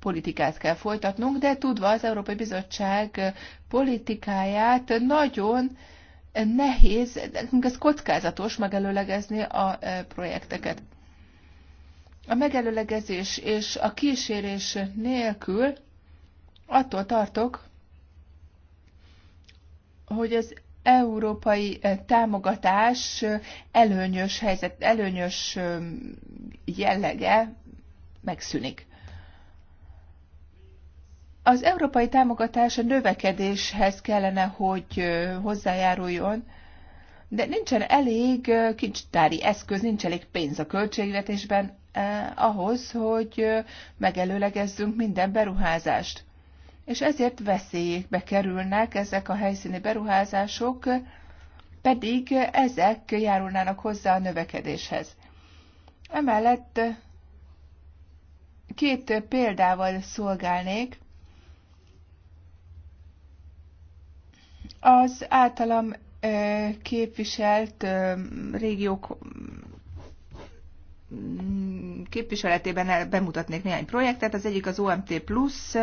politikát kell folytatnunk, de tudva az Európai Bizottság politikáját nagyon nehéz, nekünk ez kockázatos megelőlegezni a projekteket. A megelőlegezés és a kísérés nélkül attól tartok, hogy az európai eh, támogatás eh, előnyös helyzet, előnyös eh, jellege megszűnik. Az európai támogatás a növekedéshez kellene, hogy hozzájáruljon, de nincsen elég kincstári eszköz, nincs elég pénz a költségvetésben eh, ahhoz, hogy megelőlegezzünk minden beruházást és ezért veszélyékbe kerülnek ezek a helyszíni beruházások, pedig ezek járulnának hozzá a növekedéshez. Emellett két példával szolgálnék. Az általam képviselt régiók képviseletében bemutatnék néhány projektet. Az egyik az OMT Plus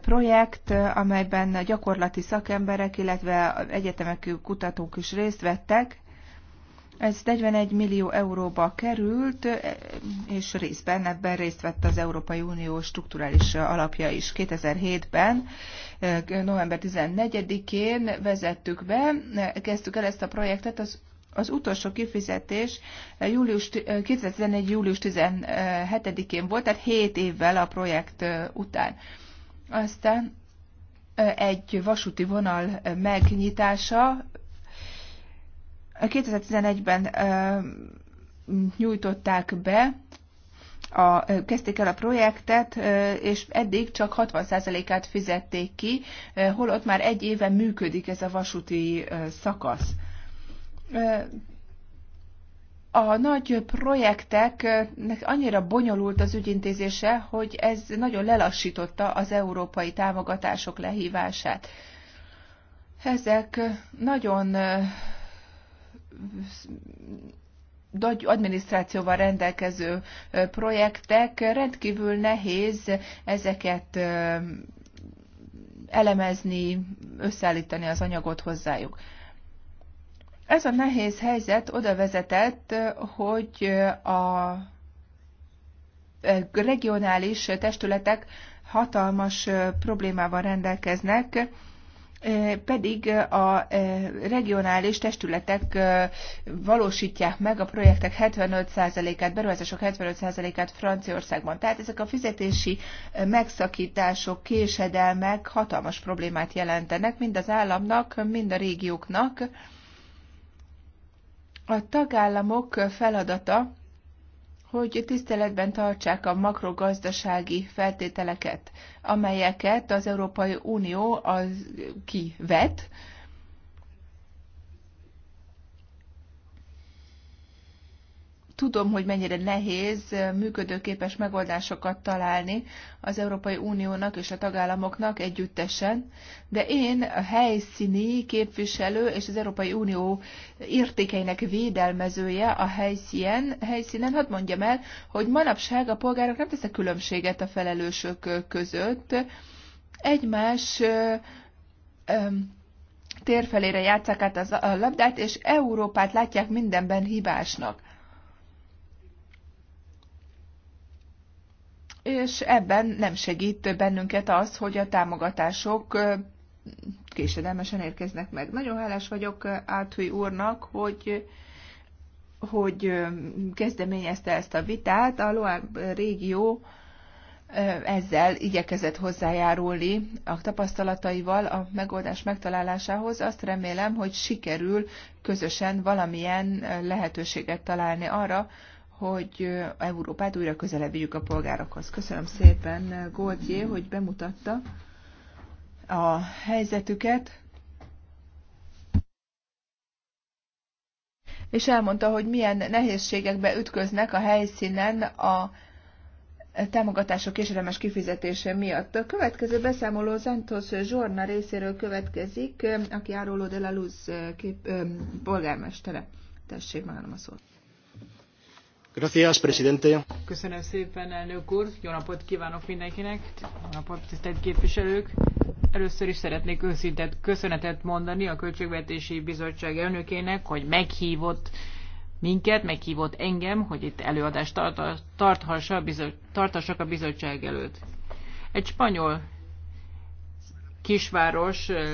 projekt, amelyben gyakorlati szakemberek, illetve egyetemek kutatók is részt vettek. Ez 41 millió euróba került, és részben ebben részt vett az Európai Unió strukturális alapja is. 2007-ben, november 14-én vezettük be, kezdtük el ezt a projektet az az utolsó kifizetés eh, július, 2011. Eh, július 17-én volt, tehát 7 évvel a projekt eh, után. Aztán egy vasúti vonal megnyitása 2011-ben nyújtották be, a, kezdték el a projektet, és eddig csak 60%-át fizették ki, holott már egy éve működik ez a vasúti szakasz a nagy projekteknek annyira bonyolult az ügyintézése, hogy ez nagyon lelassította az európai támogatások lehívását. Ezek nagyon nagy adminisztrációval rendelkező projektek, rendkívül nehéz ezeket elemezni, összeállítani az anyagot hozzájuk. Ez a nehéz helyzet oda vezetett, hogy a regionális testületek hatalmas problémával rendelkeznek, pedig a regionális testületek valósítják meg a projektek 75%-át, beruházások 75%-át Franciaországban. Tehát ezek a fizetési megszakítások, késedelmek hatalmas problémát jelentenek mind az államnak, mind a régióknak a tagállamok feladata, hogy tiszteletben tartsák a makrogazdasági feltételeket, amelyeket az Európai Unió az kivet, tudom, hogy mennyire nehéz működőképes megoldásokat találni az Európai Uniónak és a tagállamoknak együttesen, de én a helyszíni képviselő és az Európai Unió értékeinek védelmezője a helyszínen, helyszínen hadd mondjam el, hogy manapság a polgárok nem teszek különbséget a felelősök között, egymás térfelére játszák át a labdát, és Európát látják mindenben hibásnak. és ebben nem segít bennünket az, hogy a támogatások késedelmesen érkeznek meg. Nagyon hálás vagyok Áthui úrnak, hogy hogy kezdeményezte ezt a vitát. A Loire régió ezzel igyekezett hozzájárulni a tapasztalataival a megoldás megtalálásához. Azt remélem, hogy sikerül közösen valamilyen lehetőséget találni arra, hogy Európát újra közelebb vigyük a polgárokhoz. Köszönöm szépen Goltjé, hogy bemutatta a helyzetüket, és elmondta, hogy milyen nehézségekbe ütköznek a helyszínen a támogatások késedelmes kifizetése miatt. A következő beszámoló Zentos Zsorna részéről következik, aki Áróló de la Luz kép, ö, polgármestere. Tessék, megadom a szót. Gracias, presidente. Köszönöm szépen, elnök úr. Jó napot kívánok mindenkinek. Jó napot, tisztelt képviselők. Először is szeretnék őszintet köszönetet mondani a Költségvetési Bizottság elnökének, hogy meghívott minket, meghívott engem, hogy itt előadást tarthassa a bizot, tartassak a bizottság előtt. Egy spanyol kisváros eh,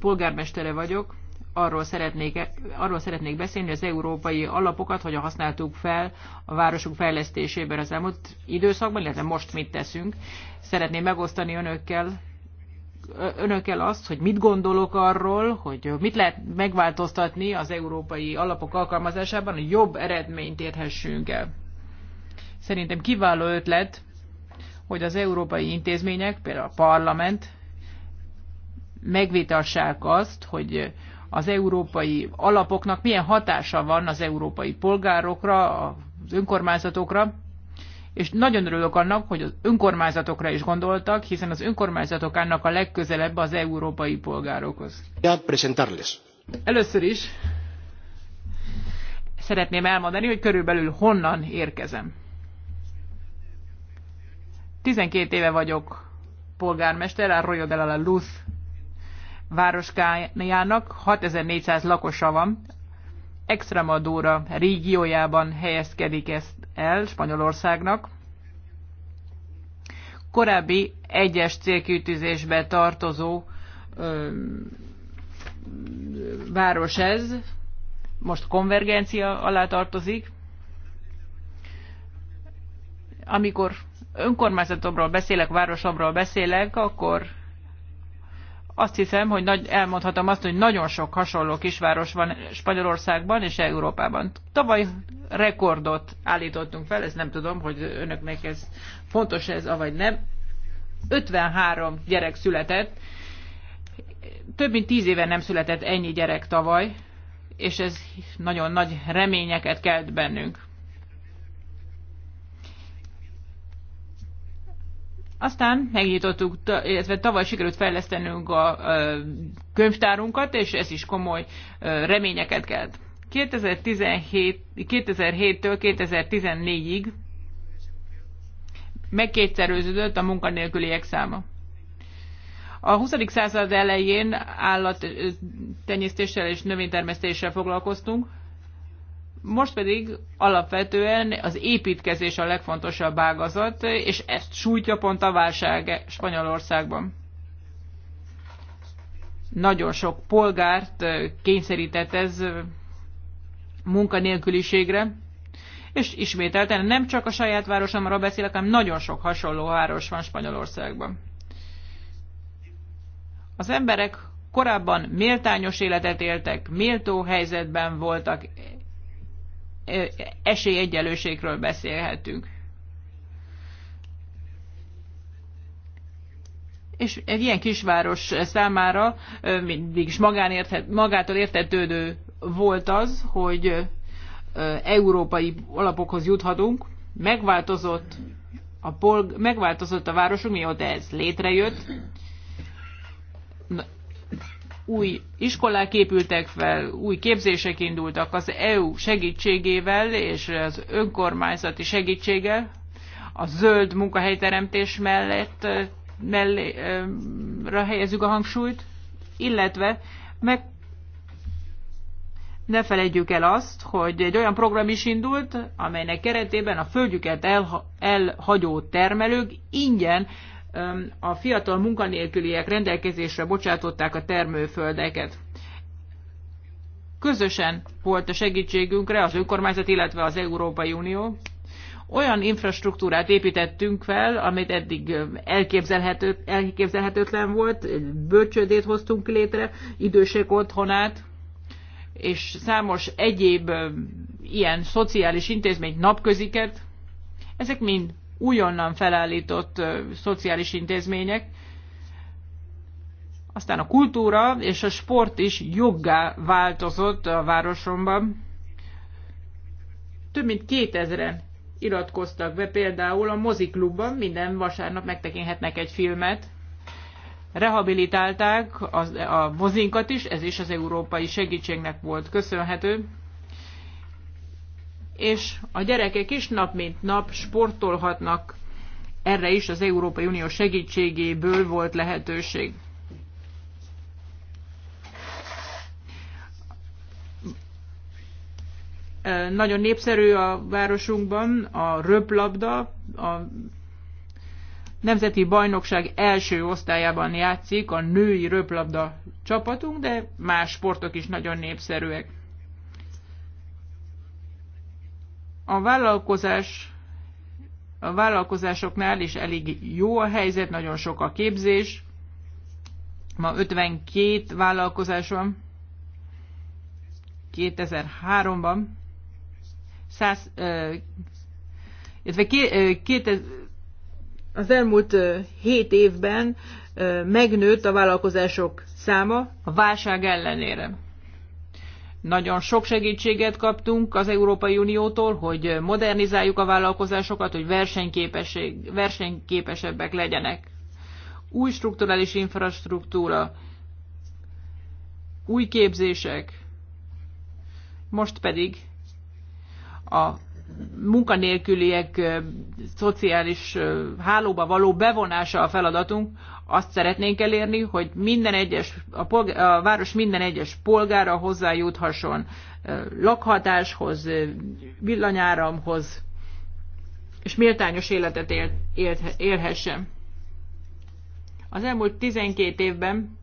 polgármestere vagyok, arról szeretnék, arról szeretnék beszélni, az európai alapokat hogyan használtuk fel a városok fejlesztésében az elmúlt időszakban, illetve most mit teszünk. Szeretném megosztani önökkel önökkel azt, hogy mit gondolok arról, hogy mit lehet megváltoztatni az európai alapok alkalmazásában, hogy jobb eredményt érhessünk el. Szerintem kiváló ötlet, hogy az európai intézmények, például a parlament, megvitassák azt, hogy az európai alapoknak milyen hatása van az európai polgárokra, az önkormányzatokra, és nagyon örülök annak, hogy az önkormányzatokra is gondoltak, hiszen az önkormányzatok állnak a legközelebb az európai polgárokhoz. Először is szeretném elmondani, hogy körülbelül honnan érkezem. 12 éve vagyok polgármester, a Arroyo de la Luz városkájának 6400 lakosa van. Extremadura régiójában helyezkedik ezt el Spanyolországnak. Korábbi egyes célkütőzésbe tartozó ö, város ez, most konvergencia alá tartozik. Amikor önkormányzatomról beszélek, városomról beszélek, akkor azt hiszem, hogy nagy, elmondhatom azt, hogy nagyon sok hasonló kisváros van Spanyolországban és Európában. Tavaly rekordot állítottunk fel, ezt nem tudom, hogy önöknek ez fontos ez, avagy nem. 53 gyerek született, több mint 10 éve nem született ennyi gyerek tavaly, és ez nagyon nagy reményeket kelt bennünk. Aztán megnyitottuk, illetve tavaly sikerült fejlesztenünk a könyvtárunkat, és ez is komoly reményeket kelt. 2017, 2007-től 2014-ig megkétszerőződött a munkanélküliek száma. A 20. század elején állattenyésztéssel és növénytermesztéssel foglalkoztunk, most pedig alapvetően az építkezés a legfontosabb ágazat, és ezt sújtja pont a válság Spanyolországban. Nagyon sok polgárt kényszerített ez munkanélküliségre, és ismételten nem csak a saját városomra beszélek, hanem nagyon sok hasonló város van Spanyolországban. Az emberek korábban méltányos életet éltek, méltó helyzetben voltak, esélyegyelőségről beszélhetünk. És egy ilyen kisváros számára mindig is magánérthet, magától értetődő volt az, hogy európai alapokhoz juthatunk. Megváltozott a, polg- megváltozott a városunk, mióta ez létrejött új iskolák épültek fel, új képzések indultak az EU segítségével és az önkormányzati segítséggel, a zöld munkahelyteremtés mellett mellé, ö, helyezzük a hangsúlyt, illetve meg ne felejtjük el azt, hogy egy olyan program is indult, amelynek keretében a földjüket elha elhagyó termelők ingyen a fiatal munkanélküliek rendelkezésre bocsátották a termőföldeket. Közösen volt a segítségünkre az önkormányzat, illetve az Európai Unió. Olyan infrastruktúrát építettünk fel, amit eddig elképzelhető, elképzelhetetlen volt, bölcsődét hoztunk létre, idősek otthonát, és számos egyéb ilyen szociális intézményt, napköziket, ezek mind újonnan felállított szociális intézmények. Aztán a kultúra és a sport is joggá változott a városomban. Több mint 2000-en iratkoztak be például a moziklubban, minden vasárnap megtekinthetnek egy filmet. Rehabilitálták a mozinkat is, ez is az európai segítségnek volt köszönhető és a gyerekek is nap mint nap sportolhatnak. Erre is az Európai Unió segítségéből volt lehetőség. Nagyon népszerű a városunkban a röplabda, a Nemzeti Bajnokság első osztályában játszik a női röplabda csapatunk, de más sportok is nagyon népszerűek. A vállalkozás a vállalkozásoknál is elég jó a helyzet, nagyon sok a képzés. Ma 52 vállalkozás van. 2003-ban. 100, két az elmúlt 7 évben megnőtt a vállalkozások száma a válság ellenére. Nagyon sok segítséget kaptunk az Európai Uniótól, hogy modernizáljuk a vállalkozásokat, hogy versenyképesebbek legyenek. Új strukturális infrastruktúra, új képzések, most pedig a munkanélküliek szociális hálóba való bevonása a feladatunk, azt szeretnénk elérni, hogy minden egyes, a, polgár, a város minden egyes polgára hozzájuthasson lakhatáshoz, villanyáramhoz, és méltányos életet él, él, élhessen. Az elmúlt 12 évben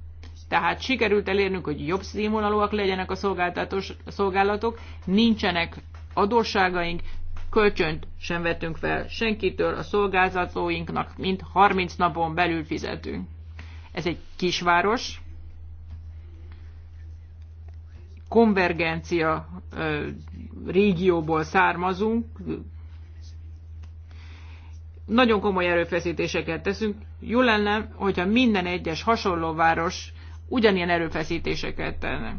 tehát sikerült elérnünk, hogy jobb színvonalúak legyenek a szolgáltatos, szolgálatok, nincsenek adósságaink, kölcsönt sem vetünk fel senkitől, a szolgáltatóinknak mind 30 napon belül fizetünk. Ez egy kisváros, konvergencia ö, régióból származunk, nagyon komoly erőfeszítéseket teszünk. Jó lenne, hogyha minden egyes hasonló város ugyanilyen erőfeszítéseket tenne.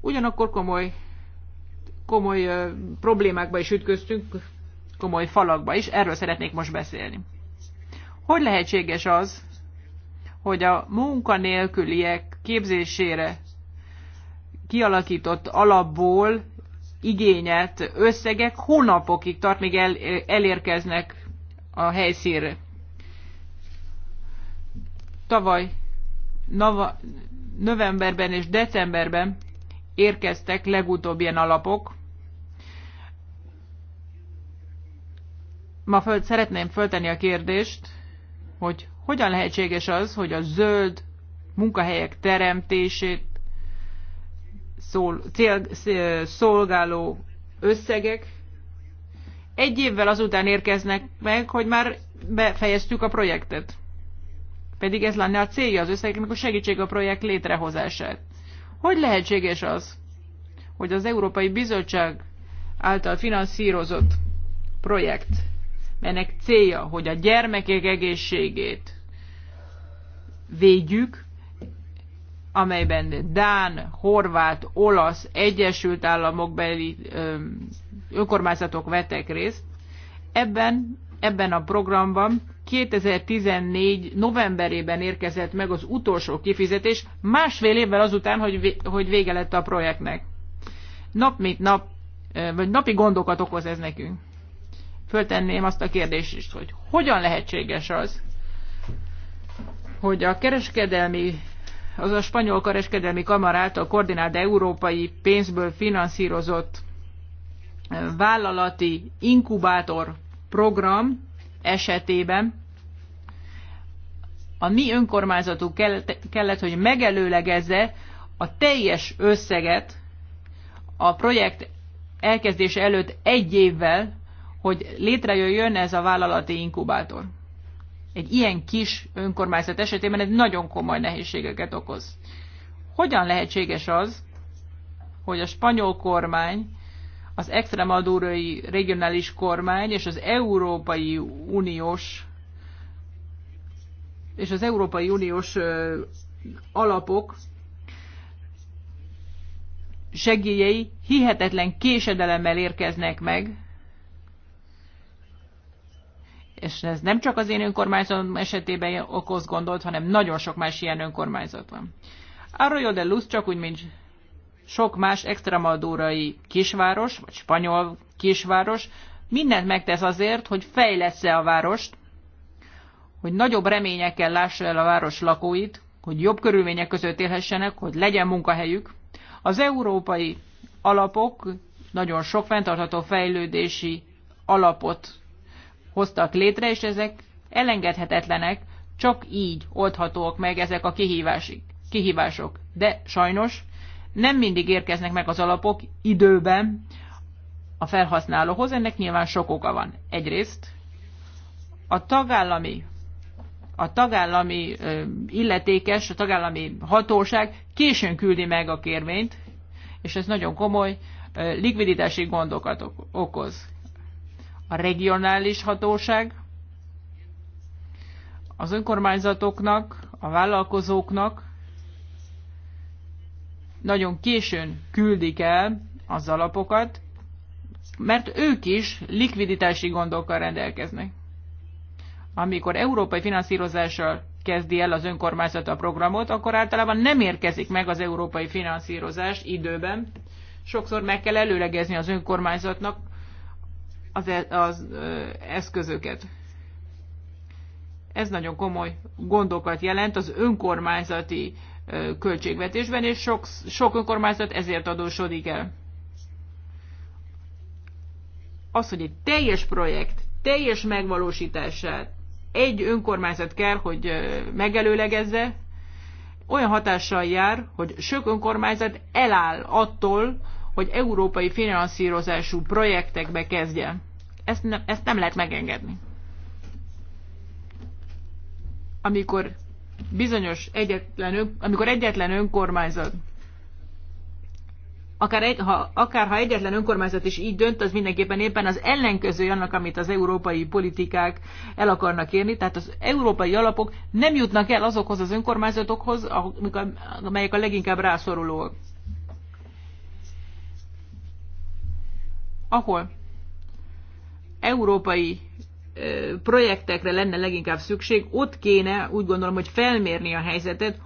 Ugyanakkor komoly komoly problémákba is ütköztünk, komoly falakba is, erről szeretnék most beszélni. Hogy lehetséges az, hogy a munkanélküliek képzésére kialakított alapból igényelt összegek hónapokig tart, míg el, elérkeznek a helyszínre. Tavaly nova, novemberben és decemberben érkeztek legutóbb ilyen alapok, Ma föl, szeretném föltenni a kérdést, hogy hogyan lehetséges az, hogy a zöld munkahelyek teremtését szól, cél, szolgáló összegek egy évvel azután érkeznek meg, hogy már befejeztük a projektet. Pedig ez lenne a célja az összegeknek, hogy segítség a projekt létrehozását. Hogy lehetséges az, hogy az Európai Bizottság által finanszírozott projekt melynek célja, hogy a gyermekek egészségét védjük, amelyben Dán, Horvát, Olasz, Egyesült Államokbeli önkormányzatok vettek részt. Ebben, ebben a programban 2014. novemberében érkezett meg az utolsó kifizetés, másfél évvel azután, hogy, hogy vége lett a projektnek. Nap mint nap, vagy napi gondokat okoz ez nekünk föltenném azt a kérdést is, hogy hogyan lehetséges az, hogy a kereskedelmi, az a spanyol kereskedelmi kamarát a koordinált európai pénzből finanszírozott eh, vállalati inkubátor program esetében a mi önkormányzatunk kellett, hogy megelőlegezze a teljes összeget a projekt elkezdése előtt egy évvel, hogy létrejöjjön ez a vállalati inkubátor. Egy ilyen kis önkormányzat esetében ez nagyon komoly nehézségeket okoz. Hogyan lehetséges az, hogy a spanyol kormány, az extremadúrai regionális kormány és az Európai Uniós és az Európai Uniós alapok segélyei hihetetlen késedelemmel érkeznek meg és ez nem csak az én önkormányzatom esetében okoz gondolt, hanem nagyon sok más ilyen önkormányzat van. Arroyo de Luz csak úgy, mint sok más extramadurai kisváros, vagy spanyol kisváros, mindent megtesz azért, hogy fejlesz-e a várost, hogy nagyobb reményekkel lássa el a város lakóit, hogy jobb körülmények között élhessenek, hogy legyen munkahelyük. Az európai alapok nagyon sok fenntartható fejlődési alapot hoztak létre, és ezek elengedhetetlenek, csak így oldhatóak meg ezek a kihívásik, kihívások. De sajnos nem mindig érkeznek meg az alapok időben a felhasználóhoz, ennek nyilván sok oka van. Egyrészt a tagállami a tagállami illetékes, a tagállami hatóság későn küldi meg a kérvényt, és ez nagyon komoly likviditási gondokat okoz a regionális hatóság, az önkormányzatoknak, a vállalkozóknak nagyon későn küldik el az alapokat, mert ők is likviditási gondokkal rendelkeznek. Amikor európai finanszírozással kezdi el az önkormányzat a programot, akkor általában nem érkezik meg az európai finanszírozás időben. Sokszor meg kell előlegezni az önkormányzatnak az, e, az eszközöket. Ez nagyon komoly gondokat jelent az önkormányzati költségvetésben, és sok, sok önkormányzat ezért adósodik el. Az, hogy egy teljes projekt, teljes megvalósítását egy önkormányzat kell, hogy megelőlegezze, olyan hatással jár, hogy sok önkormányzat eláll attól, hogy európai finanszírozású projektekbe kezdjen. Ezt, ne, ezt nem lehet megengedni. Amikor bizonyos egyetlen, ön, amikor egyetlen önkormányzat akár, egy, ha, akár ha egyetlen önkormányzat is így dönt, az mindenképpen éppen az ellenkező annak, amit az európai politikák el akarnak érni. Tehát az európai alapok nem jutnak el azokhoz az önkormányzatokhoz, amelyek a leginkább rászorulóak. Ahol európai projektekre lenne leginkább szükség, ott kéne úgy gondolom, hogy felmérni a helyzetet,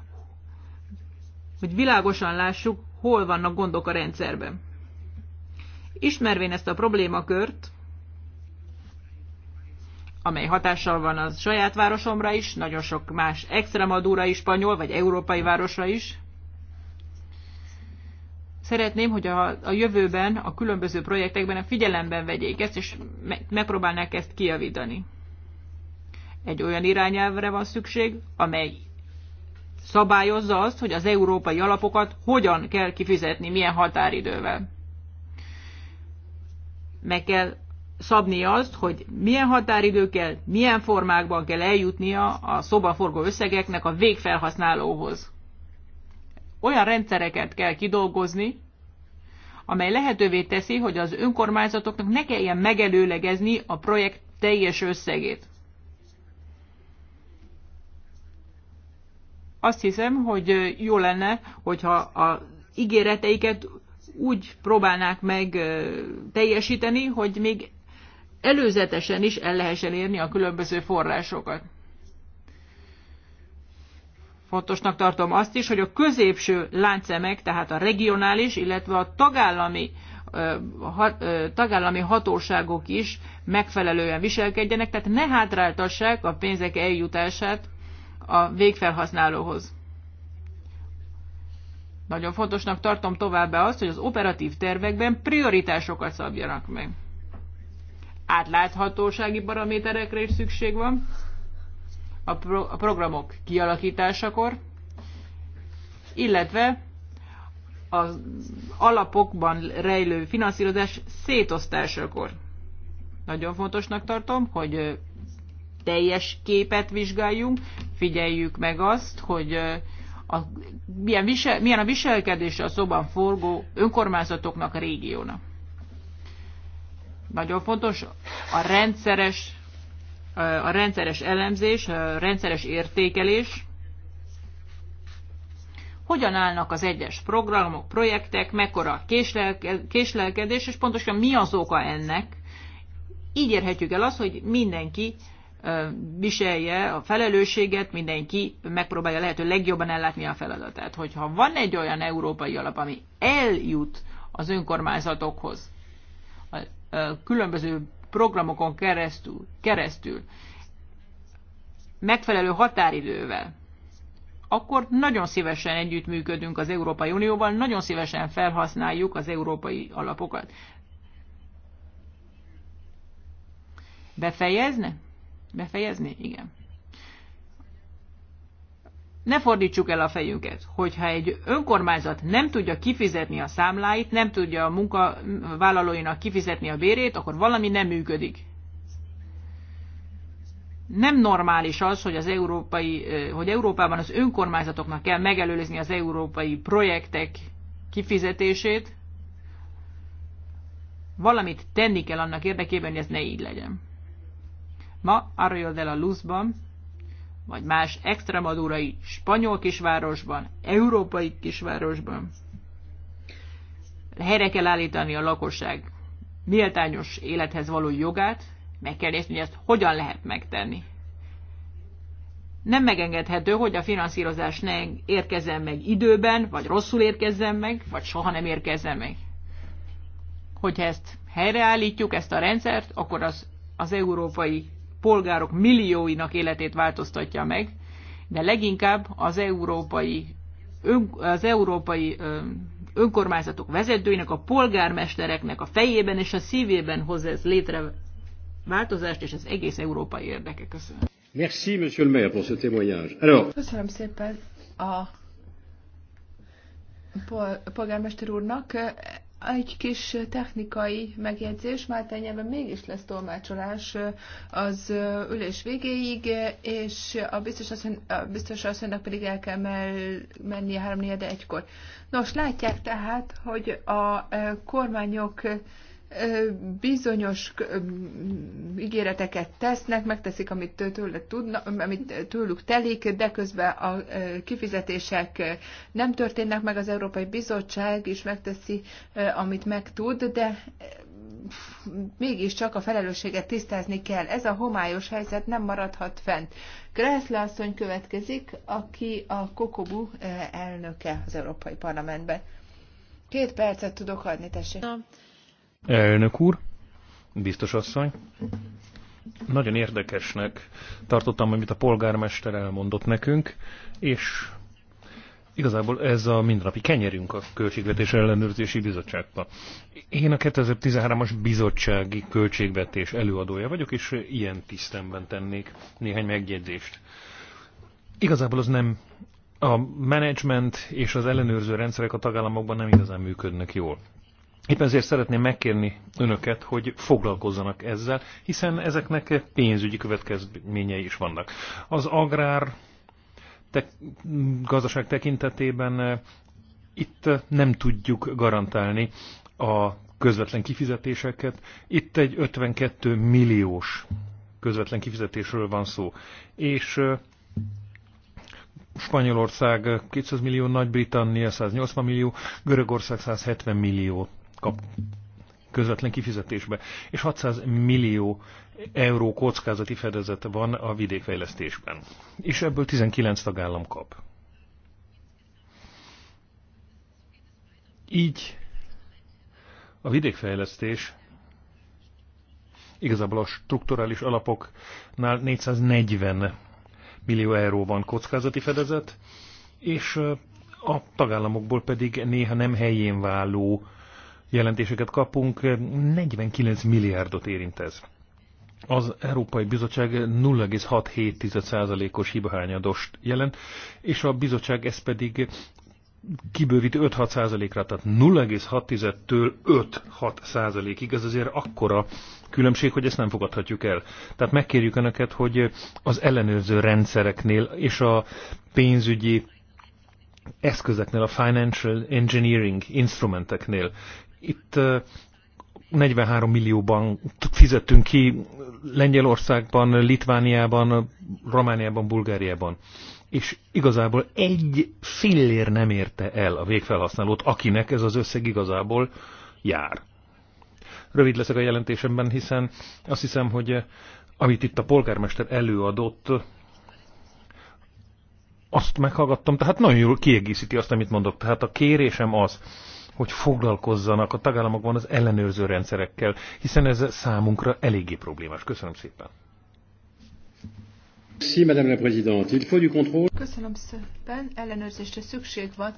hogy világosan lássuk, hol vannak gondok a rendszerben. Ismervén ezt a problémakört, amely hatással van az saját városomra is, nagyon sok más Extremadura is, spanyol vagy európai városra is, Szeretném, hogy a, a jövőben, a különböző projektekben a figyelemben vegyék ezt, és me, megpróbálnák ezt kijavítani. Egy olyan irányelvre van szükség, amely szabályozza azt, hogy az európai alapokat hogyan kell kifizetni, milyen határidővel. Meg kell szabni azt, hogy milyen határidőkkel, milyen formákban kell eljutnia a szobaforgó összegeknek a végfelhasználóhoz olyan rendszereket kell kidolgozni, amely lehetővé teszi, hogy az önkormányzatoknak ne kelljen megelőlegezni a projekt teljes összegét. Azt hiszem, hogy jó lenne, hogyha a ígéreteiket úgy próbálnák meg teljesíteni, hogy még előzetesen is el lehessen érni a különböző forrásokat. Fontosnak tartom azt is, hogy a középső láncemek, tehát a regionális, illetve a tagállami, tagállami hatóságok is megfelelően viselkedjenek, tehát ne hátráltassák a pénzek eljutását a végfelhasználóhoz. Nagyon fontosnak tartom továbbá azt, hogy az operatív tervekben prioritásokat szabjanak meg. Átláthatósági paraméterekre is szükség van a, pro, a programok kialakításakor, illetve az alapokban rejlő finanszírozás szétosztásakor. Nagyon fontosnak tartom, hogy teljes képet vizsgáljunk, figyeljük meg azt, hogy a, milyen, visel, milyen a viselkedése a szoban forgó önkormányzatoknak a régiónak. Nagyon fontos a rendszeres a rendszeres elemzés, a rendszeres értékelés, hogyan állnak az egyes programok, projektek, mekkora a késlelke, késlelkedés, és pontosan mi az oka ennek. Így érhetjük el azt, hogy mindenki viselje a felelősséget, mindenki megpróbálja lehető legjobban ellátni a feladatát. Hogyha van egy olyan európai alap, ami eljut az önkormányzatokhoz, a különböző programokon keresztül, keresztül megfelelő határidővel, akkor nagyon szívesen együttműködünk az Európai Unióval, nagyon szívesen felhasználjuk az európai alapokat. Befejezne? Befejezni? Igen ne fordítsuk el a fejünket, hogyha egy önkormányzat nem tudja kifizetni a számláit, nem tudja a munkavállalóinak kifizetni a bérét, akkor valami nem működik. Nem normális az, hogy, az európai, hogy Európában az önkormányzatoknak kell megelőzni az európai projektek kifizetését. Valamit tenni kell annak érdekében, hogy ez ne így legyen. Ma Arroyo de la Luzban vagy más extramadurai spanyol kisvárosban, európai kisvárosban. Helyre kell állítani a lakosság méltányos élethez való jogát, meg kell nézni, hogy ezt hogyan lehet megtenni. Nem megengedhető, hogy a finanszírozás ne érkezzen meg időben, vagy rosszul érkezzen meg, vagy soha nem érkezzen meg. Hogyha ezt helyreállítjuk, ezt a rendszert, akkor az, az európai polgárok millióinak életét változtatja meg, de leginkább az európai, ön, az európai önkormányzatok vezetőinek, a polgármestereknek a fejében és a szívében hoz ez létre változást, és az egész európai érdeke. Köszönöm. Merci, monsieur le maire, pour ce témoignage. Alors... Köszönöm szépen a polgármester úrnak. Egy kis technikai megjegyzés, már tenyelben mégis lesz tolmácsolás az ülés végéig, és a biztos asszony, a biztos asszonynak pedig el kell menni a de egykor. Nos, látják tehát, hogy a kormányok bizonyos ígéreteket tesznek, megteszik, amit, tőle tudna, amit tőlük telik, de közben a kifizetések nem történnek meg, az Európai Bizottság is megteszi, amit meg tud, de mégiscsak a felelősséget tisztázni kell. Ez a homályos helyzet nem maradhat fent. Gressle asszony következik, aki a Kokobu elnöke az Európai Parlamentben. Két percet tudok adni, tessék. Elnök úr, biztos asszony. Nagyon érdekesnek tartottam, amit a polgármester elmondott nekünk, és Igazából ez a mindennapi kenyerünk a Költségvetés Ellenőrzési Bizottságban. Én a 2013-as bizottsági költségvetés előadója vagyok, és ilyen tisztemben tennék néhány megjegyzést. Igazából az nem a menedzsment és az ellenőrző rendszerek a tagállamokban nem igazán működnek jól. Éppen ezért szeretném megkérni önöket, hogy foglalkozzanak ezzel, hiszen ezeknek pénzügyi következményei is vannak. Az agrár te gazdaság tekintetében eh, itt nem tudjuk garantálni a közvetlen kifizetéseket. Itt egy 52 milliós közvetlen kifizetésről van szó. És eh, Spanyolország 200 millió, Nagy-Britannia 180 millió, Görögország 170 millió kap közvetlen kifizetésbe, és 600 millió euró kockázati fedezet van a vidékfejlesztésben, és ebből 19 tagállam kap. Így a vidékfejlesztés igazából a strukturális alapoknál 440 millió euró van kockázati fedezet, és a tagállamokból pedig néha nem helyén váló jelentéseket kapunk, 49 milliárdot érint ez. Az Európai Bizottság 0,67%-os hibahányadost jelent, és a bizottság ezt pedig kibővíti 5-6%-ra, tehát 0,6-től 5-6%-ig. Ez azért akkora különbség, hogy ezt nem fogadhatjuk el. Tehát megkérjük Önöket, hogy az ellenőrző rendszereknél és a pénzügyi eszközeknél, a financial engineering instrumenteknél itt 43 millióban fizettünk ki Lengyelországban, Litvániában, Romániában, Bulgáriában. És igazából egy fillér nem érte el a végfelhasználót, akinek ez az összeg igazából jár. Rövid leszek a jelentésemben, hiszen azt hiszem, hogy amit itt a polgármester előadott, azt meghallgattam, tehát nagyon jól kiegészíti azt, amit mondok. Tehát a kérésem az, hogy foglalkozzanak a tagállamokban az ellenőrző rendszerekkel, hiszen ez számunkra eléggé problémás. Köszönöm szépen. Köszönöm szépen, ellenőrzésre szükség van,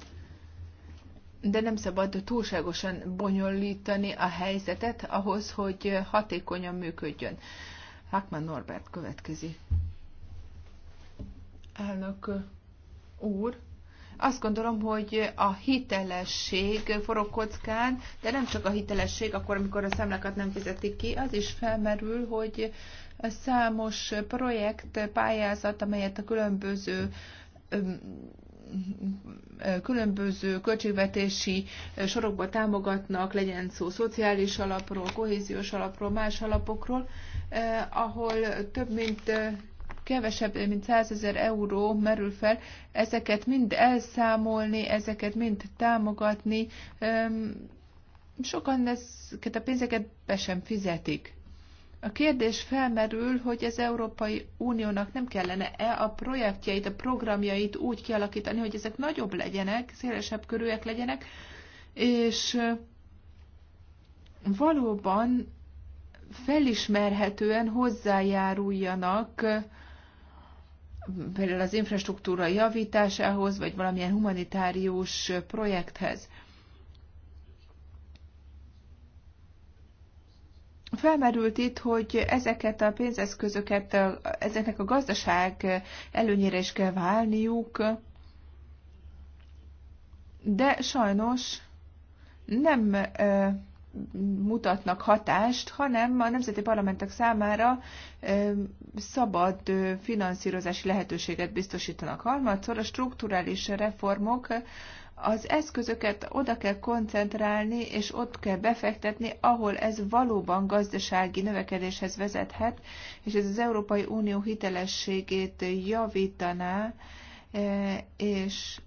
de nem szabad túlságosan bonyolítani a helyzetet ahhoz, hogy hatékonyan működjön. Hakman Norbert következik. Elnök úr, azt gondolom, hogy a hitelesség forog kockán, de nem csak a hitelesség, akkor, amikor a számlákat nem fizetik ki, az is felmerül, hogy számos projekt, pályázat, amelyet a különböző különböző költségvetési sorokba támogatnak, legyen szó szociális alapról, kohéziós alapról, más alapokról, eh, ahol több mint eh, kevesebb, mint 100 ezer euró merül fel, ezeket mind elszámolni, ezeket mind támogatni. Sokan ezeket a pénzeket be sem fizetik. A kérdés felmerül, hogy az Európai Uniónak nem kellene-e a projektjeit, a programjait úgy kialakítani, hogy ezek nagyobb legyenek, szélesebb körűek legyenek, és valóban felismerhetően hozzájáruljanak például az infrastruktúra javításához, vagy valamilyen humanitárius projekthez. Felmerült itt, hogy ezeket a pénzeszközöket, ezeknek a gazdaság előnyére is kell válniuk, de sajnos nem mutatnak hatást, hanem a nemzeti parlamentek számára szabad finanszírozási lehetőséget biztosítanak. Harmadszor a strukturális reformok az eszközöket oda kell koncentrálni, és ott kell befektetni, ahol ez valóban gazdasági növekedéshez vezethet, és ez az Európai Unió hitelességét javítaná, és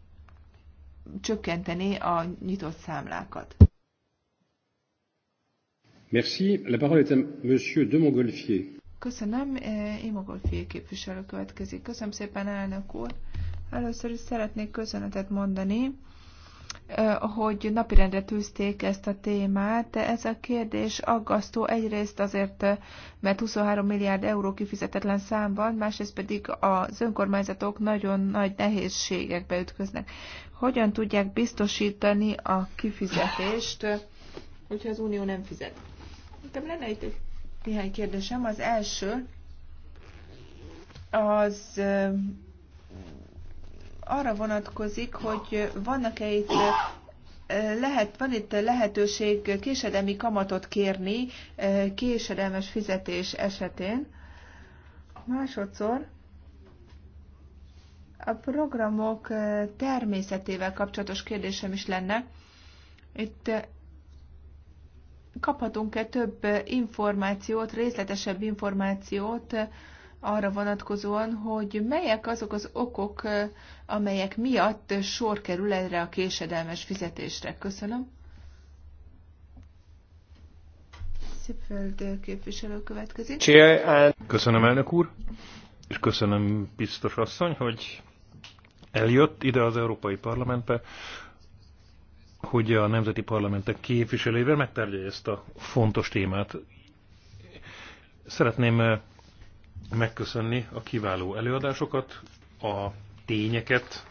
csökkenteni a nyitott számlákat. Merci. La parole est à Monsieur de Montgolfier. Köszönöm, Imogolfié képviselő következik. Köszönöm szépen, elnök úr. Először is szeretnék köszönetet mondani, hogy napirendre tűzték ezt a témát. Ez a kérdés aggasztó egyrészt azért, mert 23 milliárd euró kifizetetlen szám van, másrészt pedig az önkormányzatok nagyon nagy nehézségekbe ütköznek. Hogyan tudják biztosítani a kifizetést, hogyha az Unió nem fizet? Nekem lenne itt egy néhány kérdésem. Az első az arra vonatkozik, hogy vannak-e itt lehet, van itt lehetőség késedelmi kamatot kérni késedelmes fizetés esetén. Másodszor a programok természetével kapcsolatos kérdésem is lenne. Itt kaphatunk-e több információt, részletesebb információt arra vonatkozóan, hogy melyek azok az okok, amelyek miatt sor kerül erre a késedelmes fizetésre. Köszönöm. Szépfeld képviselő következik. Köszönöm, elnök úr, és köszönöm, biztos asszony, hogy eljött ide az Európai Parlamentbe, hogy a nemzeti parlamentek képviselőivel megtárgyalja ezt a fontos témát. Szeretném eh, megköszönni a kiváló előadásokat, a tényeket,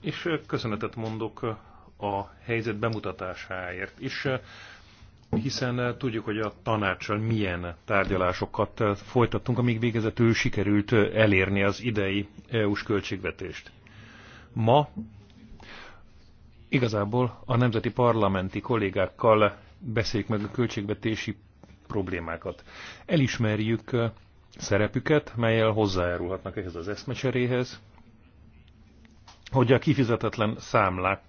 és eh, köszönetet mondok eh, a helyzet bemutatásáért is, hiszen tudjuk, hogy a tanácssal milyen tárgyalásokat folytattunk, amíg végezetül sikerült elérni az idei EU-s költségvetést. Ma igazából a nemzeti parlamenti kollégákkal beszéljük meg a költségvetési problémákat. Elismerjük szerepüket, melyel hozzájárulhatnak ehhez az eszmecseréhez, hogy a kifizetetlen számlák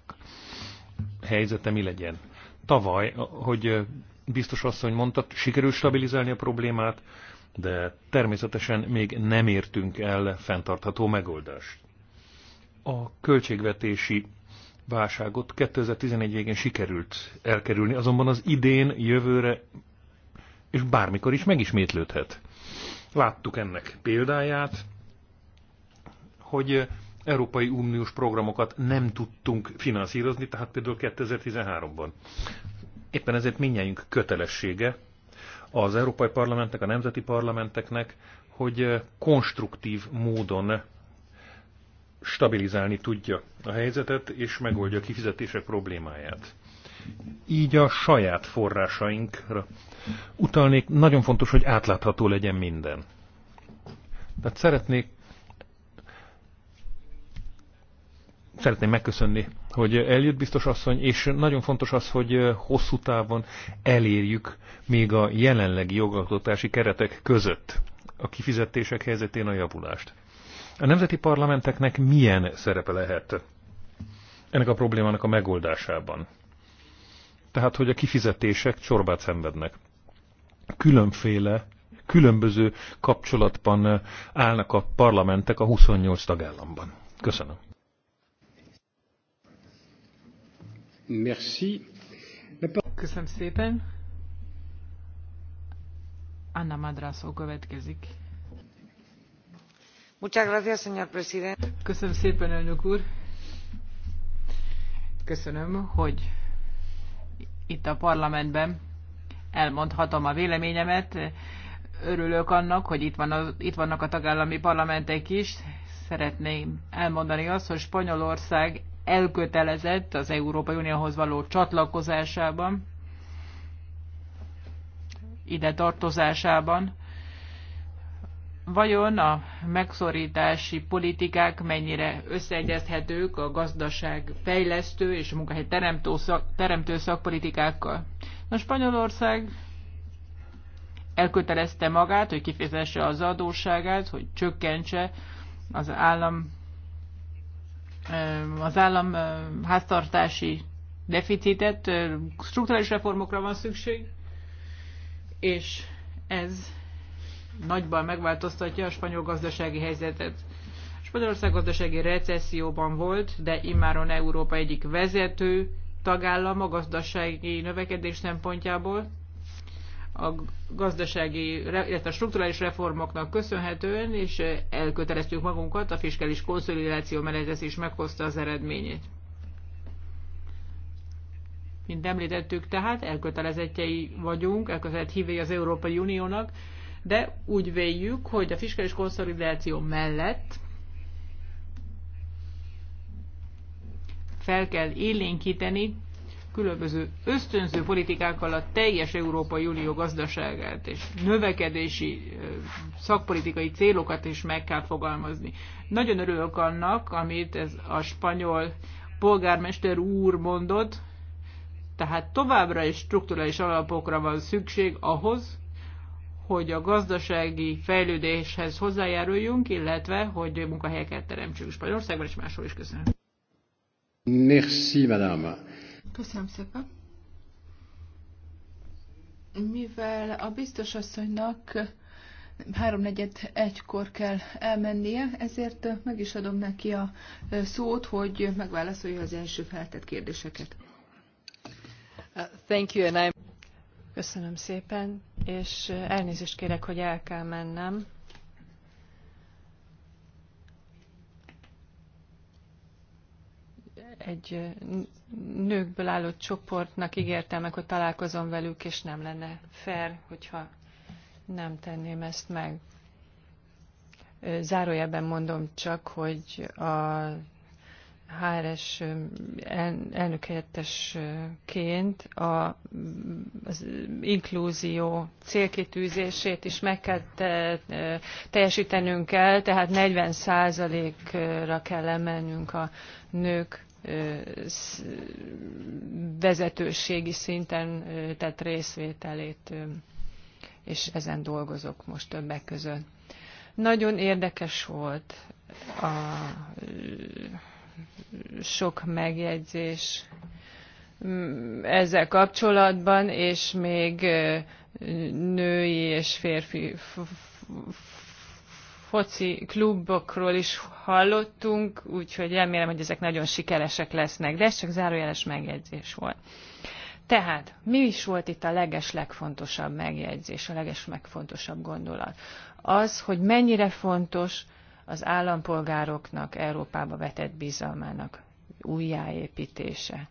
helyzete mi legyen. Tavaly, hogy biztos asszony mondta, sikerült stabilizálni a problémát, de természetesen még nem értünk el fenntartható megoldást. A költségvetési válságot 2011 végén sikerült elkerülni, azonban az idén, jövőre és bármikor is megismétlődhet. Láttuk ennek példáját, hogy Európai Uniós programokat nem tudtunk finanszírozni, tehát például 2013-ban. Éppen ezért minnyájunk kötelessége az Európai Parlamentnek, a nemzeti parlamenteknek, hogy konstruktív módon stabilizálni tudja a helyzetet, és megoldja a kifizetések problémáját. Így a saját forrásainkra utalnék, nagyon fontos, hogy átlátható legyen minden. Tehát szeretnék szeretném megköszönni, hogy eljött biztos asszony, és nagyon fontos az, hogy hosszú távon elérjük még a jelenlegi jogalkotási keretek között a kifizetések helyzetén a javulást. A nemzeti parlamenteknek milyen szerepe lehet ennek a problémának a megoldásában? Tehát, hogy a kifizetések csorbát szenvednek. Különféle, különböző kapcsolatban állnak a parlamentek a 28 tagállamban. Köszönöm. Merci. Köszönöm szépen. Anna Madrászó következik. Köszönöm szépen, elnök úr. Köszönöm, hogy itt a parlamentben elmondhatom a véleményemet. Örülök annak, hogy itt, itt vannak a tagállami parlamentek is. Szeretném elmondani azt, hogy Spanyolország elkötelezett az Európai Unióhoz való csatlakozásában, ide tartozásában vajon a megszorítási politikák mennyire összeegyezhetők a gazdaság fejlesztő és a munkahely teremtő, szak, teremtő szakpolitikákkal. A Spanyolország elkötelezte magát, hogy kifizesse az adósságát, hogy csökkentse az állam az állam háztartási deficitet, struktúrális reformokra van szükség, és ez nagyban megváltoztatja a spanyol gazdasági helyzetet. Spanyolország gazdasági recesszióban volt, de immáron Európa egyik vezető tagállam gazdasági növekedés szempontjából. A gazdasági, illetve a strukturális reformoknak köszönhetően, és elköteleztük magunkat, a fiskális konszolidáció menetez is meghozta az eredményét. Mint említettük, tehát elkötelezettjei vagyunk, elkötelezett hívei az Európai Uniónak, de úgy véljük, hogy a fiskális konszolidáció mellett fel kell élénkíteni különböző ösztönző politikákkal a teljes Európai Unió gazdaságát és növekedési szakpolitikai célokat is meg kell fogalmazni. Nagyon örülök annak, amit ez a spanyol polgármester úr mondott, tehát továbbra is strukturális alapokra van szükség ahhoz, hogy a gazdasági fejlődéshez hozzájáruljunk, illetve hogy munkahelyeket teremtsünk Spanyolországban és máshol is. Köszönöm. Merci, madame. Köszönöm szépen. Mivel a biztos asszonynak háromnegyed egykor kell elmennie, ezért meg is adom neki a szót, hogy megválaszolja az első feltett kérdéseket. Uh, thank you, and I'm... Köszönöm szépen, és elnézést kérek, hogy el kell mennem. Egy nőkből álló csoportnak ígértem meg, hogy találkozom velük, és nem lenne fair, hogyha nem tenném ezt meg. Zárójelben mondom csak, hogy a HRS elnök helyettesként a, az inklúzió célkitűzését is meg kell te, e, teljesítenünk kell, tehát 40%-ra kell emelnünk a nők e, vezetőségi szinten e, tett részvételét, és ezen dolgozok most többek között. Nagyon érdekes volt a sok megjegyzés mm, ezzel kapcsolatban, és még női és férfi foci klubokról is hallottunk, úgyhogy remélem, hogy ezek nagyon sikeresek lesznek, de ez csak zárójeles megjegyzés volt. Tehát, mi is volt itt a leges legfontosabb megjegyzés, a leges megfontosabb gondolat? Az, hogy mennyire fontos, az állampolgároknak Európába vetett bizalmának újjáépítése.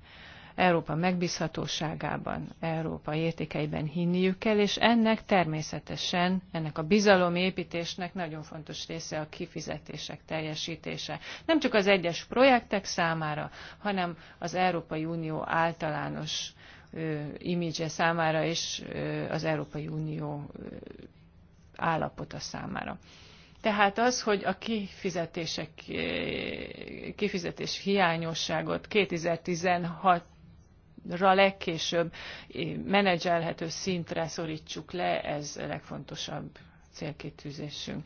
Európa megbízhatóságában, Európa értékeiben hinniük kell, és ennek természetesen, ennek a bizalomépítésnek nagyon fontos része a kifizetések teljesítése. Nem csak az egyes projektek számára, hanem az Európai Unió általános imidzse számára és az Európai Unió állapota számára. Tehát az, hogy a kifizetések, kifizetés hiányosságot 2016 ra legkésőbb menedzselhető szintre szorítsuk le, ez a legfontosabb célkitűzésünk.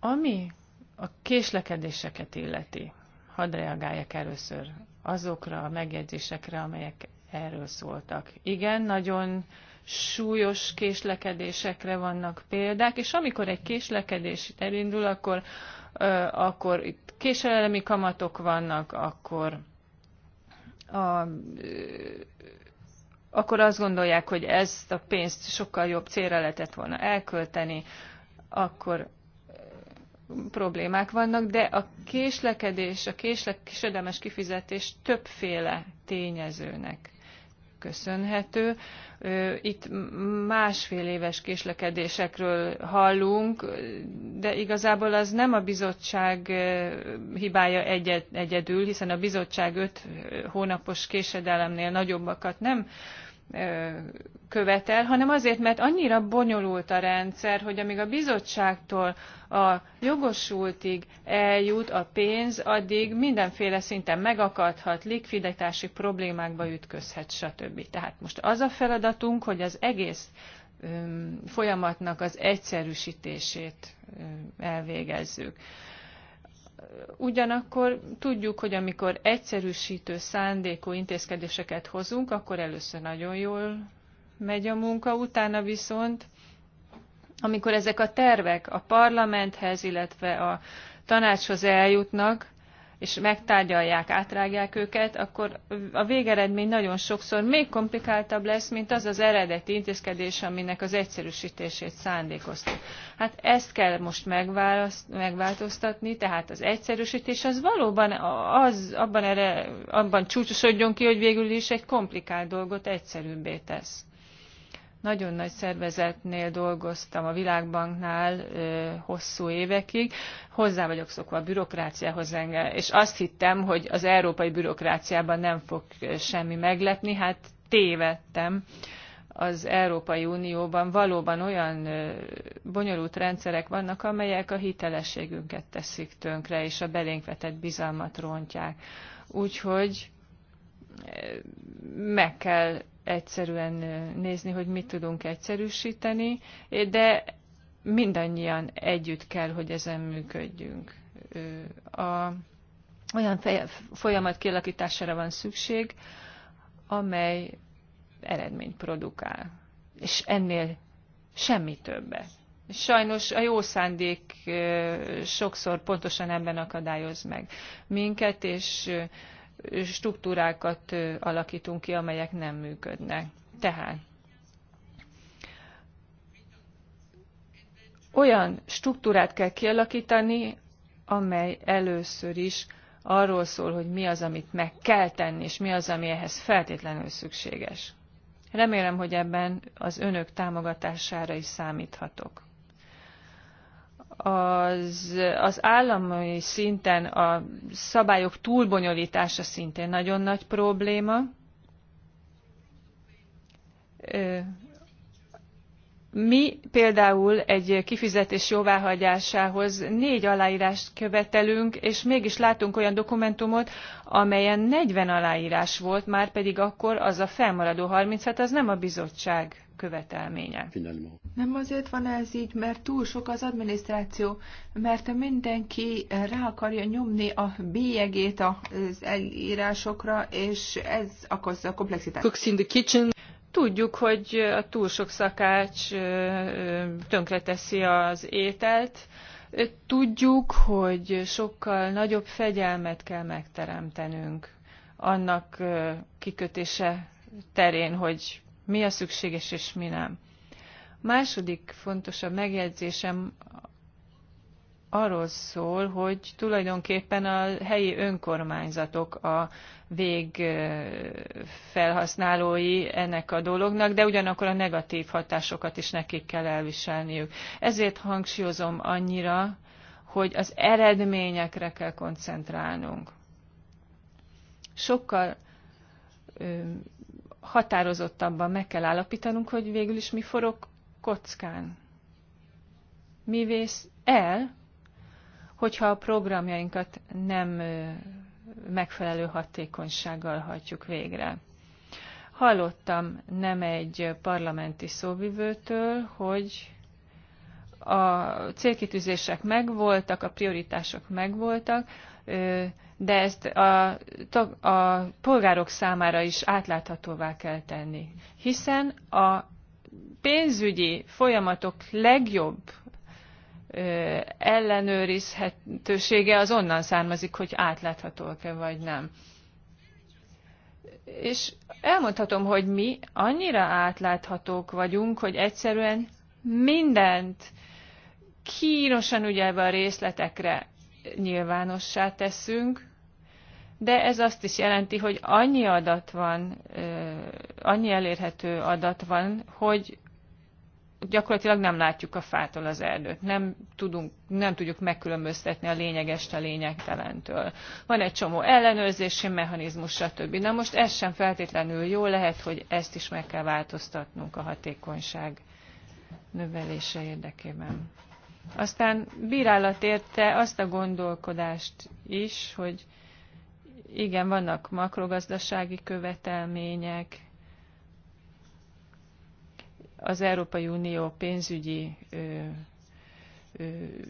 Ami a késlekedéseket illeti, hadd reagáljak először azokra a megjegyzésekre, amelyek erről szóltak. Igen, nagyon súlyos késlekedésekre vannak példák, és amikor egy késlekedés elindul, akkor, akkor itt késelelemi kamatok vannak, akkor a, akkor azt gondolják, hogy ezt a pénzt sokkal jobb célra lehetett volna elkölteni, akkor problémák vannak, de a késlekedés, a késlekedelmes kifizetés többféle tényezőnek köszönhető. Itt másfél éves késlekedésekről hallunk, de igazából az nem a bizottság hibája egyedül, hiszen a bizottság öt hónapos késedelemnél nagyobbakat nem követel, hanem azért, mert annyira bonyolult a rendszer, hogy amíg a bizottságtól a jogosultig eljut a pénz, addig mindenféle szinten megakadhat, likviditási problémákba ütközhet, stb. Tehát most az a feladatunk, hogy az egész folyamatnak az egyszerűsítését elvégezzük. Ugyanakkor tudjuk, hogy amikor egyszerűsítő szándékú intézkedéseket hozunk, akkor először nagyon jól megy a munka, utána viszont, amikor ezek a tervek a parlamenthez, illetve a tanácshoz eljutnak, és megtárgyalják, átrágják őket, akkor a végeredmény nagyon sokszor még komplikáltabb lesz, mint az az eredeti intézkedés, aminek az egyszerűsítését szándékoztuk. Hát ezt kell most megváltoztatni, tehát az egyszerűsítés az valóban az, abban, erre, abban csúcsosodjon ki, hogy végül is egy komplikált dolgot egyszerűbbé tesz nagyon nagy szervezetnél dolgoztam, a Világbanknál ö, hosszú évekig, hozzá vagyok szokva a bürokráciához engem, és azt hittem, hogy az európai bürokráciában nem fog semmi meglepni, hát tévedtem. Az Európai Unióban valóban olyan ö, bonyolult rendszerek vannak, amelyek a hitelességünket teszik tönkre, és a belénk vetett bizalmat rontják. Úgyhogy meg kell egyszerűen nézni, hogy mit tudunk egyszerűsíteni, de mindannyian együtt kell, hogy ezen működjünk. A, olyan folyamat kialakítására van szükség, amely eredményt produkál, és ennél semmi többe. Sajnos a jó szándék sokszor pontosan ebben akadályoz meg minket, és struktúrákat alakítunk ki, amelyek nem működnek. Tehát olyan struktúrát kell kialakítani, amely először is arról szól, hogy mi az, amit meg kell tenni, és mi az, ami ehhez feltétlenül szükséges. Remélem, hogy ebben az önök támogatására is számíthatok az, az állami szinten a szabályok túlbonyolítása szintén nagyon nagy probléma. Mi például egy kifizetés jóváhagyásához négy aláírást követelünk, és mégis látunk olyan dokumentumot, amelyen 40 aláírás volt, már pedig akkor az a felmaradó 30, hát az nem a bizottság követelménye. Nem azért van ez így, mert túl sok az adminisztráció, mert mindenki rá akarja nyomni a bélyegét az elírásokra, és ez okozza a komplexitást. Tudjuk, hogy a túl sok szakács tönkreteszi az ételt, tudjuk, hogy sokkal nagyobb fegyelmet kell megteremtenünk annak kikötése terén, hogy mi a szükséges és mi nem. Második fontosabb megjegyzésem arról szól, hogy tulajdonképpen a helyi önkormányzatok a végfelhasználói ennek a dolognak, de ugyanakkor a negatív hatásokat is nekik kell elviselniük. Ezért hangsúlyozom annyira, hogy az eredményekre kell koncentrálnunk. Sokkal határozottabban meg kell állapítanunk, hogy végül is mi forog kockán. Mi vész el, hogyha a programjainkat nem megfelelő hatékonysággal hajtjuk végre. Hallottam nem egy parlamenti szóvivőtől, hogy a célkitűzések megvoltak, a prioritások megvoltak, de ezt a, a polgárok számára is átláthatóvá kell tenni. Hiszen a pénzügyi folyamatok legjobb ellenőrizhetősége az onnan származik, hogy átláthatóak-e vagy nem. És elmondhatom, hogy mi annyira átláthatók vagyunk, hogy egyszerűen mindent kínosan ugye a részletekre nyilvánossá teszünk, de ez azt is jelenti, hogy annyi adat van, annyi elérhető adat van, hogy gyakorlatilag nem látjuk a fától az erdőt, nem, tudunk, nem tudjuk megkülönböztetni a lényegest a lényegtelentől. Van egy csomó ellenőrzési mechanizmus, stb. Na most ez sem feltétlenül jó, lehet, hogy ezt is meg kell változtatnunk a hatékonyság növelése érdekében. Aztán bírálat érte azt a gondolkodást is, hogy igen, vannak makrogazdasági követelmények, az Európai Unió pénzügyi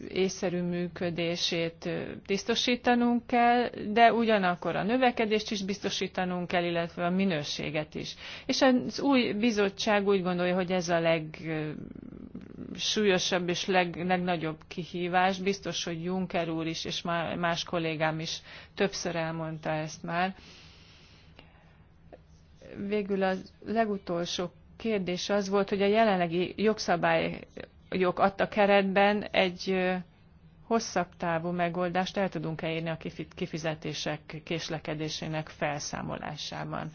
észszerű működését biztosítanunk kell, de ugyanakkor a növekedést is biztosítanunk kell, illetve a minőséget is. És az új bizottság úgy gondolja, hogy ez a legsúlyosabb és leg, legnagyobb kihívás. Biztos, hogy Juncker úr is, és más kollégám is többször elmondta ezt már. Végül a legutolsó kérdés az volt, hogy a jelenlegi jogszabályok adta keretben egy hosszabb távú megoldást el tudunk-e érni a kifizetések késlekedésének felszámolásában.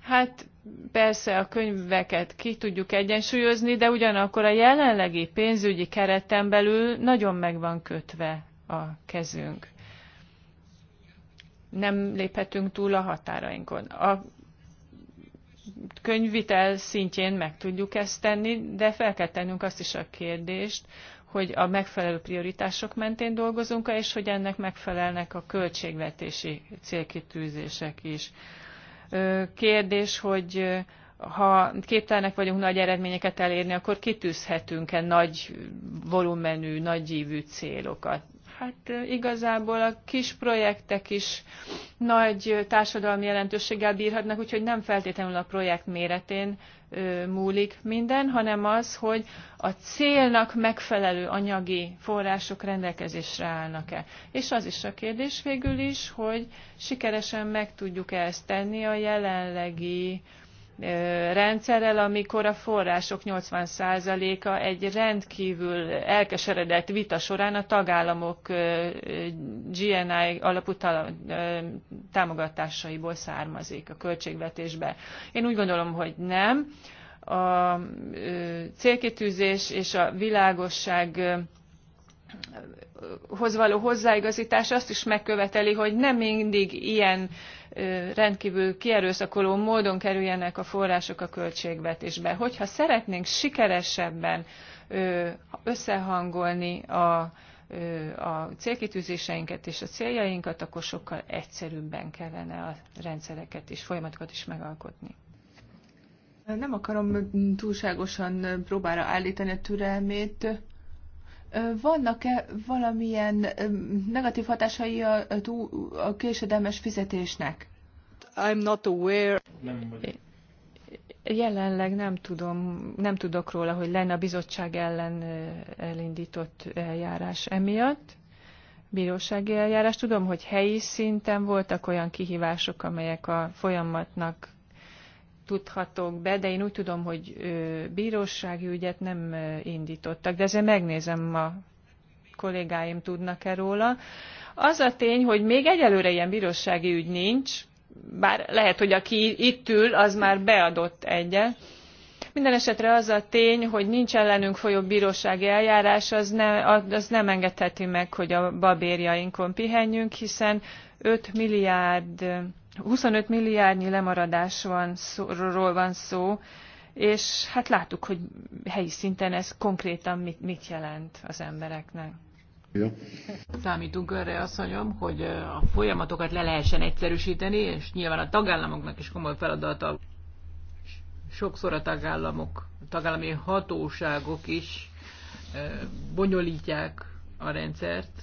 Hát persze a könyveket ki tudjuk egyensúlyozni, de ugyanakkor a jelenlegi pénzügyi kereten belül nagyon meg van kötve a kezünk. Nem léphetünk túl a határainkon. A könyvvitel szintjén meg tudjuk ezt tenni, de fel kell tennünk azt is a kérdést, hogy a megfelelő prioritások mentén dolgozunk -e, és hogy ennek megfelelnek a költségvetési célkitűzések is. Kérdés, hogy ha képtelenek vagyunk nagy eredményeket elérni, akkor kitűzhetünk-e nagy volumenű, nagy ívű célokat hát igazából a kis projektek is nagy társadalmi jelentőséggel bírhatnak, úgyhogy nem feltétlenül a projekt méretén múlik minden, hanem az, hogy a célnak megfelelő anyagi források rendelkezésre állnak-e. És az is a kérdés végül is, hogy sikeresen meg tudjuk -e ezt tenni a jelenlegi rendszerrel, amikor a források 80%-a egy rendkívül elkeseredett vita során a tagállamok GNI alapú támogatásaiból származik a költségvetésbe. Én úgy gondolom, hogy nem. A célkitűzés és a világosság hoz való hozzáigazítás azt is megköveteli, hogy nem mindig ilyen rendkívül kierőszakoló módon kerüljenek a források a költségvetésbe. Hogyha szeretnénk sikeresebben összehangolni a, a célkitűzéseinket és a céljainkat, akkor sokkal egyszerűbben kellene a rendszereket és folyamatokat is megalkotni. Nem akarom túlságosan próbára állítani a türelmét vannak-e valamilyen negatív hatásai a, a késedelmes fizetésnek? I'm not aware. Nem Jelenleg nem, tudom, nem tudok róla, hogy lenne a bizottság ellen elindított eljárás emiatt, bírósági eljárás. Tudom, hogy helyi szinten voltak olyan kihívások, amelyek a folyamatnak tudhatok be, de én úgy tudom, hogy bírósági ügyet nem indítottak, de ezért megnézem a kollégáim tudnak-e róla. Az a tény, hogy még egyelőre ilyen bírósági ügy nincs, bár lehet, hogy aki itt ül, az már beadott egyet. Minden esetre az a tény, hogy nincs ellenünk folyó bírósági eljárás, az, ne, az nem engedheti meg, hogy a babérjainkon pihenjünk, hiszen 5 milliárd 25 milliárdnyi lemaradás van, szóról van szó, és hát láttuk, hogy helyi szinten ez konkrétan mit, mit jelent az embereknek. Ja. Számítunk erre, asszonyom, hogy a folyamatokat le lehessen egyszerűsíteni, és nyilván a tagállamoknak is komoly feladata. Sokszor a tagállamok, a tagállami hatóságok is bonyolítják a rendszert,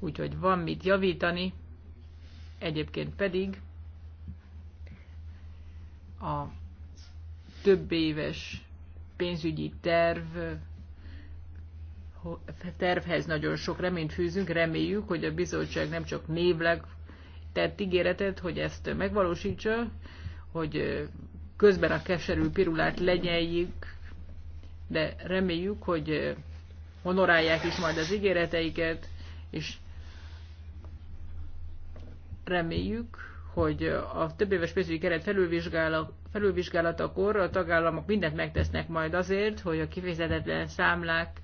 úgyhogy van mit javítani, Egyébként pedig a több éves pénzügyi terv tervhez nagyon sok reményt fűzünk, reméljük, hogy a bizottság nem csak névleg tett ígéretet, hogy ezt megvalósítsa, hogy közben a keserű pirulát lenyeljük, de reméljük, hogy honorálják is majd az ígéreteiket, és Reméljük, hogy a több éves pénzügyi keret felülvizsgálata, felülvizsgálatakor a tagállamok mindent megtesznek majd azért, hogy a kifizetetlen számlák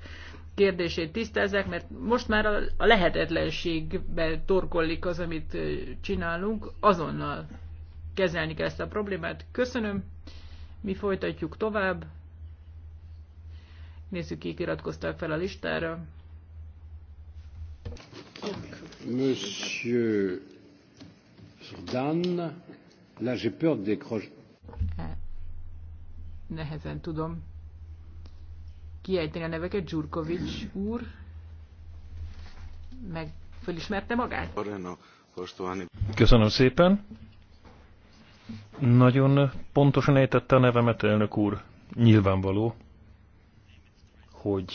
kérdését tisztázzák, mert most már a lehetetlenségbe torkollik az, amit csinálunk, azonnal kezelni kell ezt a problémát. Köszönöm, mi folytatjuk tovább. Nézzük, kik iratkoztak fel a listára. Monsieur Nehezen tudom kiejteni a neveket. Dzsurkovics úr. Meg fölismerte magát? Köszönöm szépen. Nagyon pontosan ejtette a nevemet, elnök úr. Nyilvánvaló, hogy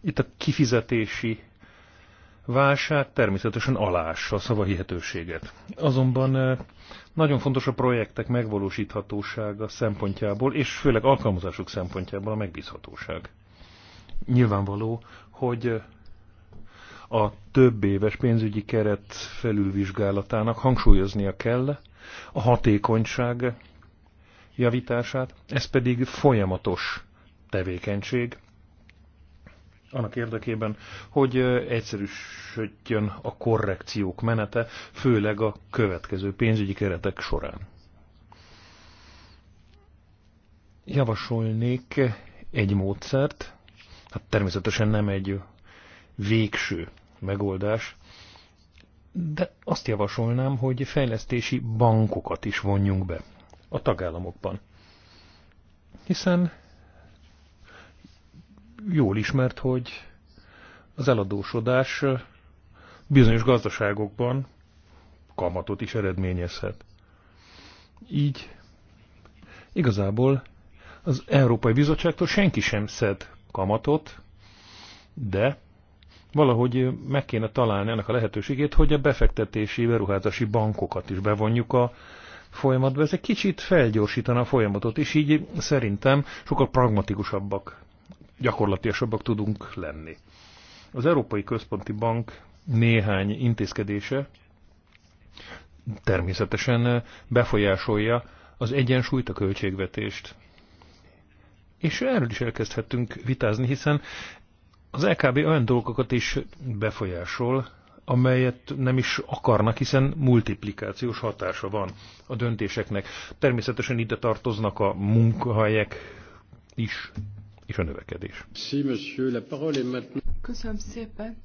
itt a kifizetési válság természetesen alássa a szava hihetőséget. Azonban eh, nagyon fontos a projektek megvalósíthatósága szempontjából, és főleg alkalmazásuk szempontjából a megbízhatóság. Nyilvánvaló, hogy eh, a több éves pénzügyi keret felülvizsgálatának hangsúlyoznia kell a hatékonyság javítását, ez pedig folyamatos tevékenység, annak érdekében, hogy egyszerűsödjön a korrekciók menete, főleg a következő pénzügyi keretek során. Javasolnék egy módszert, hát természetesen nem egy végső megoldás, de azt javasolnám, hogy fejlesztési bankokat is vonjunk be a tagállamokban. Hiszen jól ismert, hogy az eladósodás bizonyos gazdaságokban kamatot is eredményezhet. Így igazából az Európai Bizottságtól senki sem szed kamatot, de valahogy meg kéne találni ennek a lehetőségét, hogy a befektetési, beruházási bankokat is bevonjuk a folyamatba. Ez egy kicsit felgyorsítana a folyamatot, és így szerintem sokkal pragmatikusabbak gyakorlatiasabbak tudunk lenni. Az Európai Központi Bank néhány intézkedése természetesen befolyásolja az egyensúlyt, a költségvetést. És erről is elkezdhettünk vitázni, hiszen az LKB e olyan dolgokat is befolyásol, amelyet nem is akarnak, hiszen multiplikációs hatása van a döntéseknek. Természetesen ide tartoznak a munkahelyek is és a növekedés. Köszönöm szépen.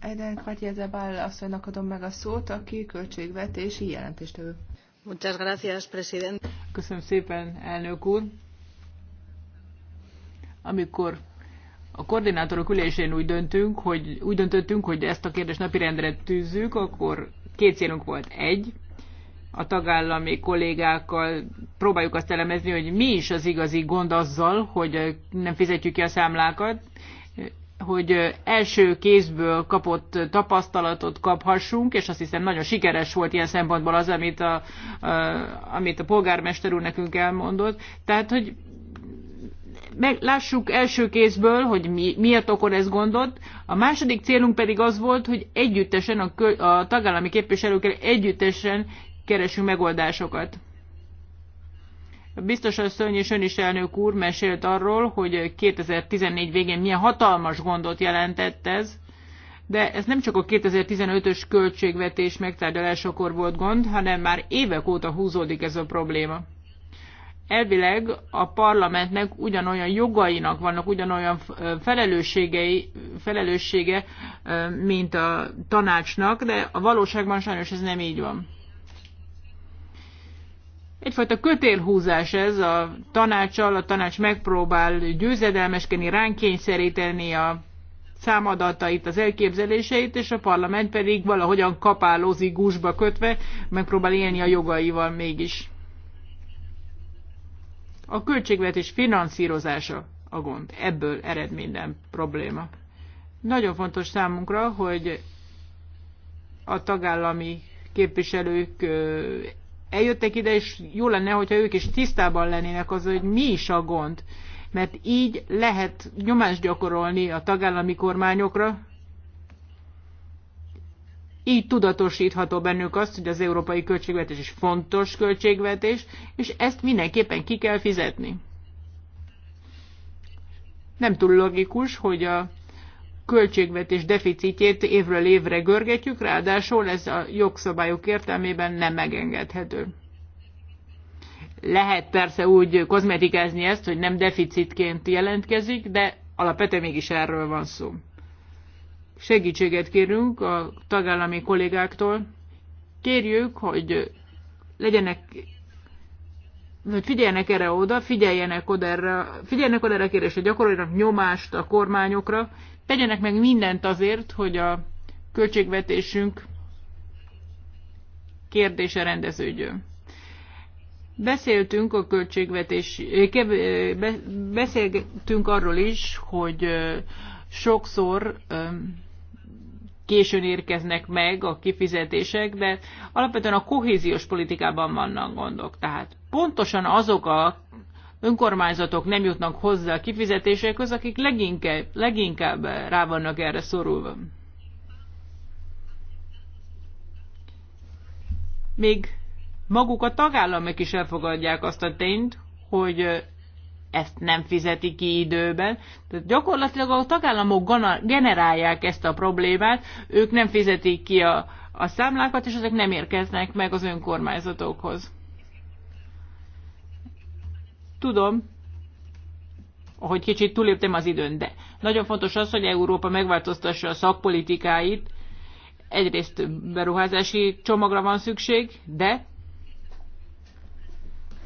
Eden Kvartyezebál asszonynak adom meg a szót, aki költségvetési jelentéstevő. Muchas gracias, Köszönöm szépen, elnök úr. Amikor a koordinátorok ülésén úgy, döntünk, hogy, úgy döntöttünk, hogy ezt a kérdést napirendre tűzzük, akkor két célunk volt. Egy, a tagállami kollégákkal próbáljuk azt elemezni, hogy mi is az igazi gond azzal, hogy nem fizetjük ki a számlákat, hogy első kézből kapott tapasztalatot kaphassunk, és azt hiszem nagyon sikeres volt ilyen szempontból az, amit a, a, amit a polgármester úr nekünk elmondott. Tehát, hogy meg, lássuk első kézből, hogy mi, miért okor ez gondot. A második célunk pedig az volt, hogy együttesen a, a tagállami képviselőkkel együttesen keresünk megoldásokat. Biztos szörny és ön is elnök úr mesélt arról, hogy 2014 végén milyen hatalmas gondot jelentett ez, de ez nem csak a 2015-ös költségvetés megtárgyalásakor volt gond, hanem már évek óta húzódik ez a probléma. Elvileg a parlamentnek ugyanolyan jogainak vannak, ugyanolyan felelősségei, felelőssége, mint a tanácsnak, de a valóságban sajnos ez nem így van. Egyfajta kötélhúzás ez a tanácsal, a tanács megpróbál győzedelmeskedni, ránk kényszeríteni a számadatait, az elképzeléseit, és a parlament pedig valahogyan kapálózik gúzsba kötve, megpróbál élni a jogaival mégis. A költségvetés finanszírozása a gond. Ebből ered minden probléma. Nagyon fontos számunkra, hogy a tagállami képviselők eljöttek ide, és jó lenne, hogyha ők is tisztában lennének az, hogy mi is a gond. Mert így lehet nyomást gyakorolni a tagállami kormányokra, így tudatosítható bennük azt, hogy az európai költségvetés is fontos költségvetés, és ezt mindenképpen ki kell fizetni. Nem túl logikus, hogy a költségvetés deficitjét évről évre görgetjük, ráadásul ez a jogszabályok értelmében nem megengedhető. Lehet persze úgy kozmetikázni ezt, hogy nem deficitként jelentkezik, de alapvetően mégis erről van szó. Segítséget kérünk a tagállami kollégáktól. Kérjük, hogy legyenek hogy figyeljenek erre oda, figyeljenek oda erre, figyeljenek oda erre a kérdésre, gyakoroljanak nyomást a kormányokra, tegyenek meg mindent azért, hogy a költségvetésünk kérdése rendeződjön. Beszéltünk a költségvetés, eh, eh, beszéltünk arról is, hogy eh, sokszor későn érkeznek meg a kifizetések, de alapvetően a kohéziós politikában vannak gondok. Tehát pontosan azok a önkormányzatok nem jutnak hozzá a kifizetésekhoz, akik leginkább, leginkább rá vannak erre szorulva. Még maguk a tagállamok is elfogadják azt a tényt, hogy ezt nem fizeti ki időben. Tehát gyakorlatilag a tagállamok generálják ezt a problémát, ők nem fizetik ki a, a számlákat, és ezek nem érkeznek meg az önkormányzatokhoz. Tudom, hogy kicsit túléptem az időn, de nagyon fontos az, hogy Európa megváltoztassa a szakpolitikáit. Egyrészt beruházási csomagra van szükség, de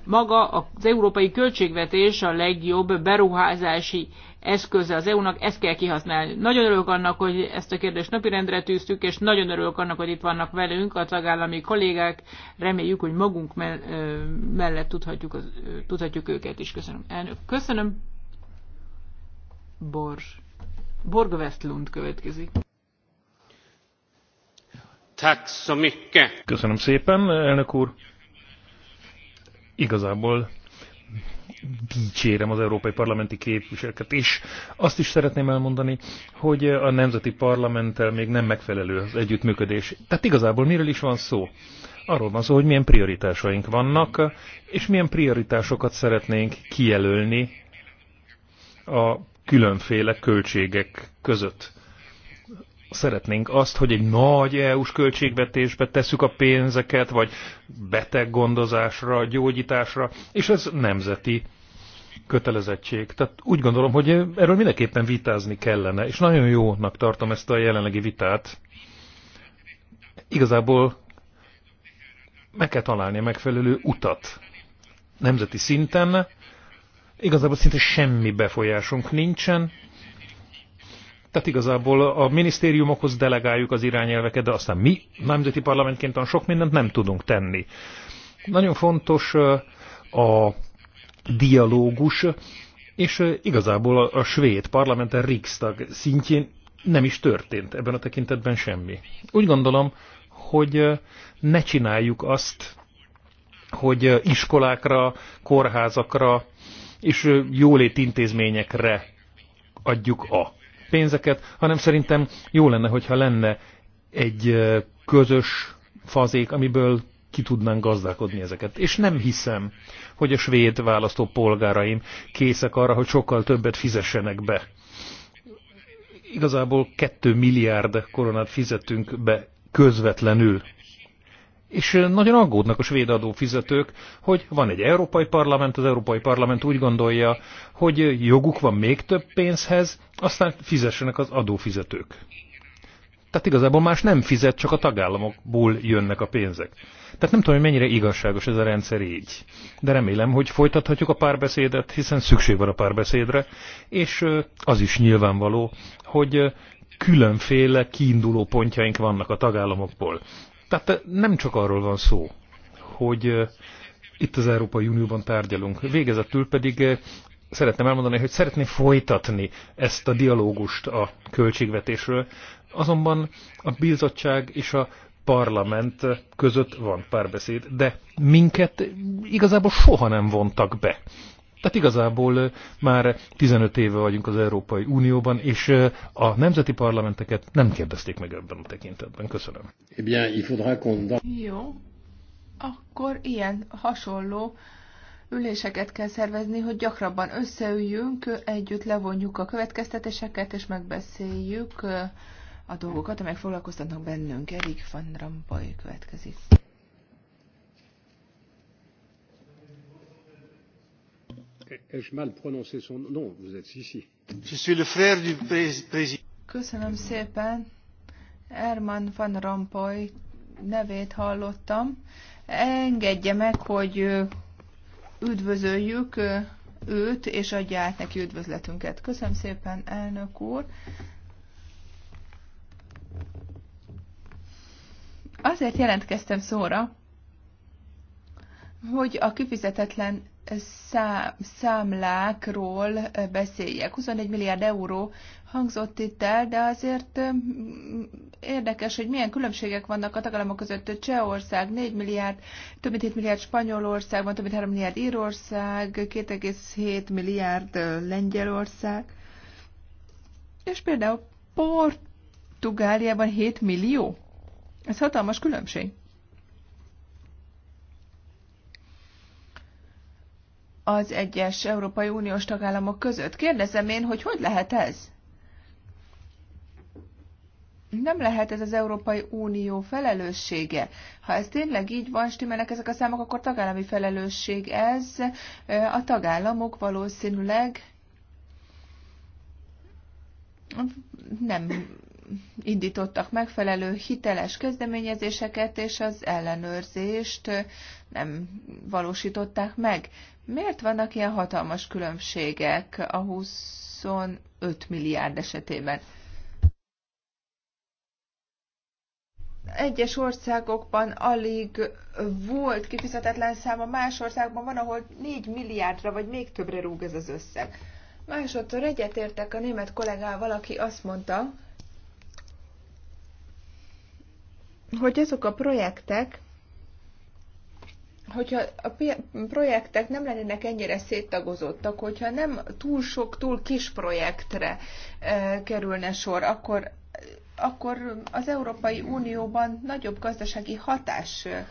maga az európai költségvetés a legjobb beruházási eszköze az EU-nak, ezt kell kihasználni. Nagyon örülök annak, hogy ezt a kérdést napirendre tűztük, és nagyon örülök annak, hogy itt vannak velünk a tagállami kollégák. Reméljük, hogy magunk mellett tudhatjuk, az, tudhatjuk őket is. Köszönöm. Elnök, köszönöm. Bors. Borg Westlund következik. Köszönöm szépen, elnök úr. Igazából dicsérem az európai parlamenti képviselőket is. Azt is szeretném elmondani, hogy a nemzeti parlamenttel még nem megfelelő az együttműködés. Tehát igazából miről is van szó? Arról van szó, hogy milyen prioritásaink vannak, és milyen prioritásokat szeretnénk kijelölni a különféle költségek között szeretnénk azt, hogy egy nagy EU-s költségvetésbe tesszük a pénzeket, vagy beteggondozásra, gyógyításra, és ez nemzeti kötelezettség. Tehát úgy gondolom, hogy erről mindenképpen vitázni kellene, és nagyon jónak tartom ezt a jelenlegi vitát. Igazából meg kell találni a megfelelő utat nemzeti szinten. Igazából szinte semmi befolyásunk nincsen, tehát igazából a minisztériumokhoz delegáljuk az irányelveket, de aztán mi nemzeti parlamentként olyan sok mindent nem tudunk tenni. Nagyon fontos a dialógus, és igazából a, svéd parlament, a Riksdag szintjén nem is történt ebben a tekintetben semmi. Úgy gondolom, hogy ne csináljuk azt, hogy iskolákra, kórházakra és intézményekre adjuk a pénzeket, hanem szerintem jó lenne, hogyha lenne egy közös fazék, amiből ki tudnánk gazdálkodni ezeket. És nem hiszem, hogy a svéd választó polgáraim készek arra, hogy sokkal többet fizessenek be. Igazából 2 milliárd koronát fizetünk be közvetlenül és nagyon aggódnak a svéd adófizetők, hogy van egy európai parlament, az európai parlament úgy gondolja, hogy joguk van még több pénzhez, aztán fizessenek az adófizetők. Tehát igazából más nem fizet, csak a tagállamokból jönnek a pénzek. Tehát nem tudom, hogy mennyire igazságos ez a rendszer így. De remélem, hogy folytathatjuk a párbeszédet, hiszen szükség van a párbeszédre, és az is nyilvánvaló, hogy különféle kiinduló pontjaink vannak a tagállamokból. Tehát eh, nem csak arról van szó, hogy eh, itt az Európai Unióban tárgyalunk. Végezetül pedig eh, szeretném elmondani, hogy szeretném folytatni ezt a dialógust a költségvetésről, azonban a bizottság és a parlament között van párbeszéd, de minket igazából soha nem vontak be tehát igazából már 15 éve vagyunk az Európai Unióban, és a nemzeti parlamenteket nem kérdezték meg ebben a tekintetben. Köszönöm. Eh bien, il faudra Jó. Akkor ilyen hasonló üléseket kell szervezni, hogy gyakrabban összeüljünk, együtt levonjuk a következtetéseket, és megbeszéljük a dolgokat, amelyek foglalkoztatnak bennünk. Erik van Rampai következik. Ai-je mal prononcé son nom Vous êtes ici. Je suis le frère du président. Köszönöm szépen. Erman van Rompuy nevét hallottam. Engedje meg, hogy üdvözöljük őt, és adja át neki üdvözletünket. Köszönöm szépen, elnök úr. Azért jelentkeztem szóra, hogy a kifizetetlen szá, számlákról eh, beszéljek. 21 milliárd euró hangzott itt el, de azért eh, érdekes, hogy milyen különbségek vannak a tagállamok között. Csehország 4 milliárd, több mint 7 milliárd Spanyolországban, több mint 3 milliárd Írország, 2,7 milliárd eh, Lengyelország, és például Portugáliában 7 millió. Ez hatalmas különbség. az egyes Európai Uniós tagállamok között. Kérdezem én, hogy hogy lehet ez? Nem lehet ez az Európai Unió felelőssége. Ha ez tényleg így van, stimmelnek ezek a számok, akkor tagállami felelősség ez. A tagállamok valószínűleg nem indítottak megfelelő hiteles kezdeményezéseket, és az ellenőrzést nem valósították meg. Miért vannak ilyen hatalmas különbségek a 25 milliárd esetében? Egyes országokban alig volt kifizetetlen száma, más országban van, ahol 4 milliárdra vagy még többre rúg ez az összeg. Másodszor egyetértek a német kollégával, aki azt mondta, hogy azok a projektek, hogyha a projektek nem lennének ennyire széttagozottak, hogyha nem túl sok, túl kis projektre e, kerülne sor, akkor, akkor az Európai Unióban nagyobb gazdasági hatás e,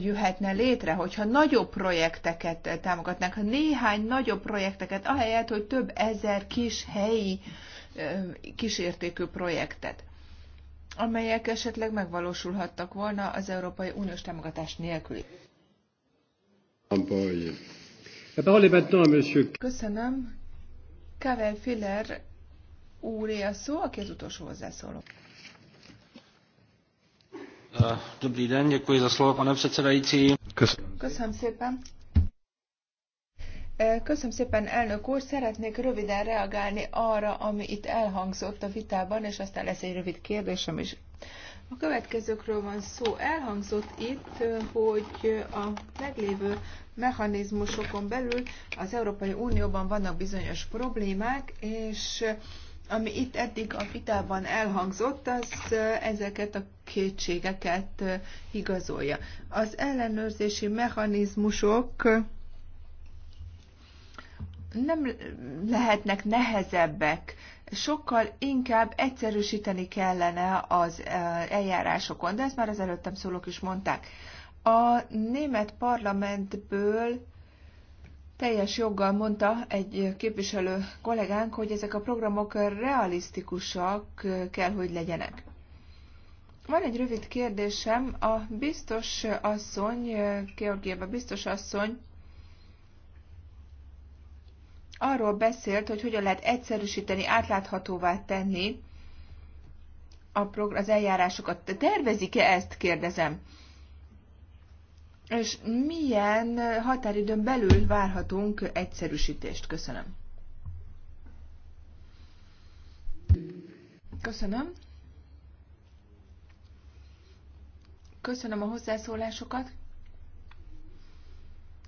jöhetne létre, hogyha nagyobb projekteket támogatnánk, ha néhány nagyobb projekteket, ahelyett, hogy több ezer kis helyi e, kísértékű projektet amelyek esetleg megvalósulhattak volna az Európai Uniós támogatás nélkül. Köszönöm. Kavel Filler úré a szó, aki az utolsó hozzászóló. Eh, dobrý den, děkuji za slovo, pane předsedající. Köszönöm. Köszönöm szépen. Köszönöm szépen, elnök úr. Szeretnék röviden reagálni arra, ami itt elhangzott a vitában, és aztán lesz egy rövid kérdésem is. A következőkről van szó. Elhangzott itt, hogy a meglévő mechanizmusokon belül az Európai Unióban vannak bizonyos problémák, és ami itt eddig a vitában elhangzott, az ezeket a kétségeket igazolja. Az ellenőrzési mechanizmusok nem lehetnek nehezebbek, sokkal inkább egyszerűsíteni kellene az eljárásokon, de ezt már az előttem szólók is mondták. A német parlamentből teljes joggal mondta egy képviselő kollégánk, hogy ezek a programok realisztikusak kell, hogy legyenek. Van egy rövid kérdésem. A biztos asszony, Georgieva biztos asszony arról beszélt, hogy hogyan lehet egyszerűsíteni, átláthatóvá tenni a progr- az eljárásokat. Tervezik-e ezt, kérdezem? És milyen határidőn belül várhatunk egyszerűsítést? Köszönöm. Köszönöm. Köszönöm a hozzászólásokat.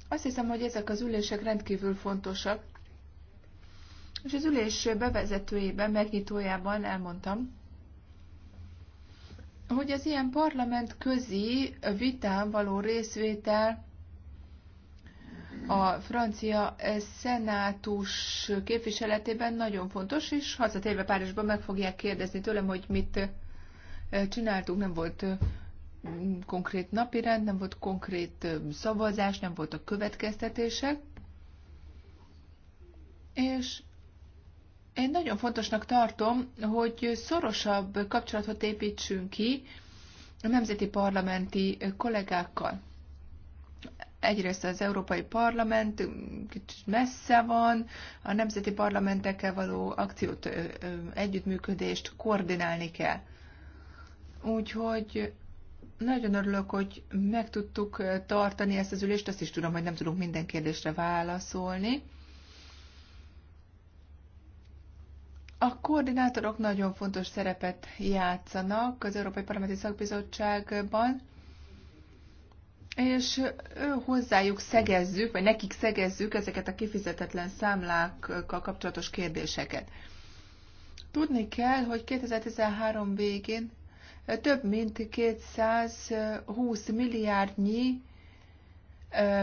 Azt hiszem, hogy ezek az ülések rendkívül fontosak. És az ülés bevezetőjében, megnyitójában elmondtam, hogy az ilyen parlament közi vitán való részvétel a francia szenátus képviseletében nagyon fontos, és hazatérve Párizsban meg fogják kérdezni tőlem, hogy mit eh, csináltunk, nem volt eh, konkrét napirend, nem volt konkrét eh, szavazás, nem voltak következtetések, és én nagyon fontosnak tartom, hogy szorosabb kapcsolatot építsünk ki a nemzeti parlamenti kollégákkal. Egyrészt az Európai Parlament kicsit messze van, a nemzeti parlamentekkel való akciót, együttműködést koordinálni kell. Úgyhogy nagyon örülök, hogy meg tudtuk tartani ezt az ülést, azt is tudom, hogy nem tudunk minden kérdésre válaszolni A koordinátorok nagyon fontos szerepet játszanak az Európai Parlamenti Szakbizottságban, és ő hozzájuk szegezzük, vagy nekik szegezzük ezeket a kifizetetlen számlákkal kapcsolatos kérdéseket. Tudni kell, hogy 2013 végén több mint 220 milliárdnyi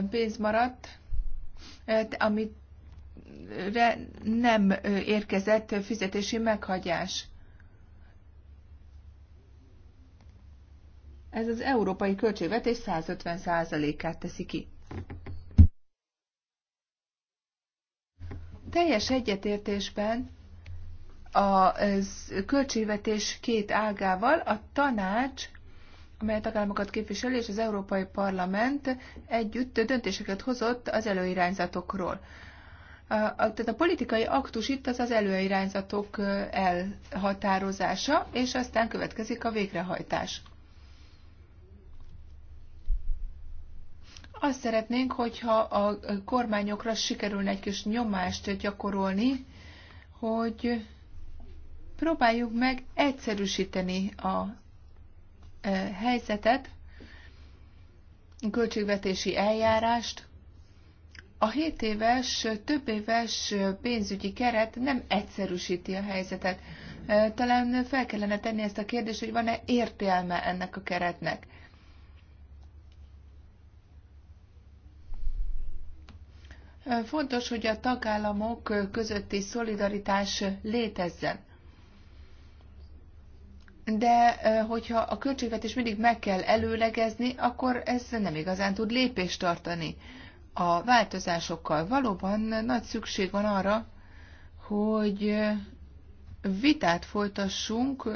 pénz maradt, amit nem érkezett fizetési meghagyás. Ez az európai költségvetés 150%-át teszi ki. Teljes egyetértésben a költségvetés két ágával a tanács amely a tagállamokat képviseli, és az Európai Parlament együtt döntéseket hozott az előirányzatokról tehát a politikai aktus itt az az előirányzatok elhatározása, és aztán következik a végrehajtás. Azt szeretnénk, hogyha a kormányokra sikerülne egy kis nyomást gyakorolni, hogy próbáljuk meg egyszerűsíteni a helyzetet, költségvetési eljárást, a 7 éves, több éves pénzügyi keret nem egyszerűsíti a helyzetet. Talán fel kellene tenni ezt a kérdést, hogy van-e értelme ennek a keretnek. Fontos, hogy a tagállamok közötti szolidaritás létezzen. De hogyha a költségvetés mindig meg kell előlegezni, akkor ez nem igazán tud lépést tartani a változásokkal. Valóban nagy szükség van arra, hogy vitát folytassunk,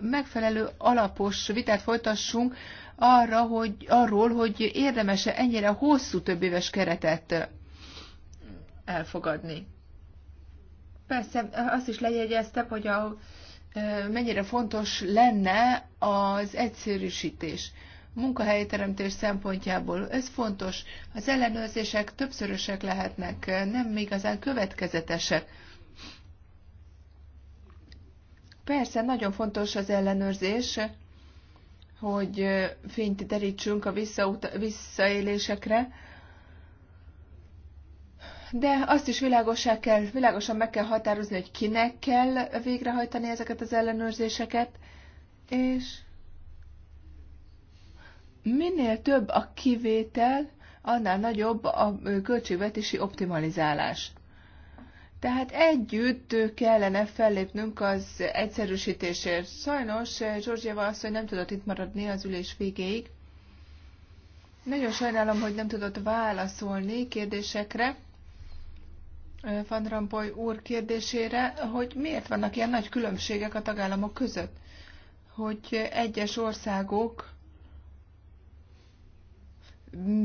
megfelelő alapos vitát folytassunk arra, hogy, arról, hogy érdemese ennyire hosszú többéves keretet elfogadni. Persze azt is lejegyeztem, hogy a, mennyire fontos lenne az egyszerűsítés munkahelyteremtés szempontjából. Ez fontos. Az ellenőrzések többszörösek lehetnek, nem igazán következetesek. Persze, nagyon fontos az ellenőrzés, hogy fényt derítsünk a visszaélésekre, de azt is világosá kell, világosan meg kell határozni, hogy kinek kell végrehajtani ezeket az ellenőrzéseket, és Minél több a kivétel, annál nagyobb a költségvetési optimalizálás. Tehát együtt kellene fellépnünk az egyszerűsítésért. Sajnos Zsorzséva asszony nem tudott itt maradni az ülés végéig. Nagyon sajnálom, hogy nem tudott válaszolni kérdésekre. Van Rampoy úr kérdésére, hogy miért vannak ilyen nagy különbségek a tagállamok között, hogy egyes országok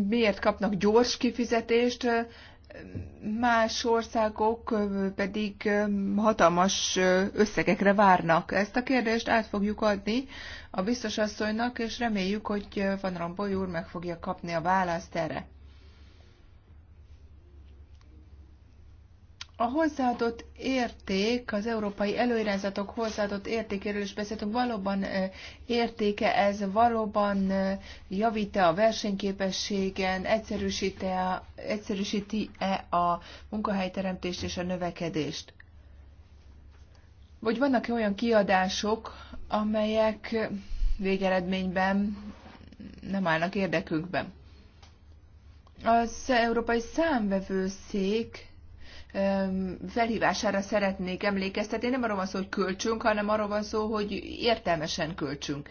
miért kapnak gyors kifizetést, más országok pedig hatalmas összegekre várnak. Ezt a kérdést át fogjuk adni a biztosasszonynak, és reméljük, hogy Van Rompuy úr meg fogja kapni a választ erre. A hozzáadott érték, az európai előirányzatok hozzáadott értékéről is beszéltünk, valóban értéke ez, valóban javít-e a versenyképességen, egyszerűsíti-e egyszerűsíti -e a munkahelyteremtést és a növekedést? Vagy vannak -e olyan kiadások, amelyek végeredményben nem állnak érdekünkben? Az Európai Számvevőszék felhívására szeretnék emlékeztetni. Nem arról van szó, hogy költsünk, hanem arról van szó, hogy értelmesen költsünk.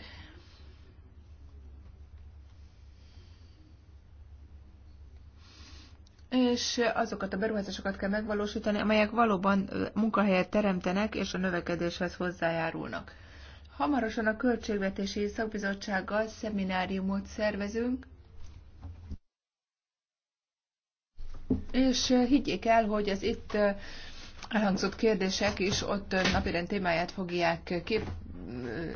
és azokat a beruházásokat kell megvalósítani, amelyek valóban munkahelyet teremtenek és a növekedéshez hozzájárulnak. Hamarosan a Költségvetési Szakbizottsággal szemináriumot szervezünk, És higgyék el, hogy az itt elhangzott kérdések is ott napirend témáját fogják kép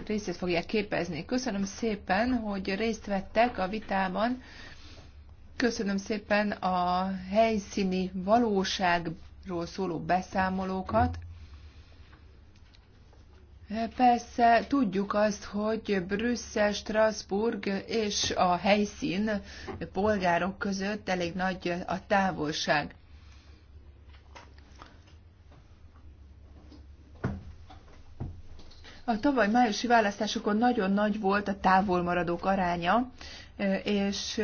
részét fogják képezni. Köszönöm szépen, hogy részt vettek a vitában. Köszönöm szépen a helyszíni valóságról szóló beszámolókat. Persze tudjuk azt, hogy Brüsszel, Strasbourg és a helyszín polgárok között elég nagy a távolság. A tavaly májusi választásokon nagyon nagy volt a távolmaradók aránya, és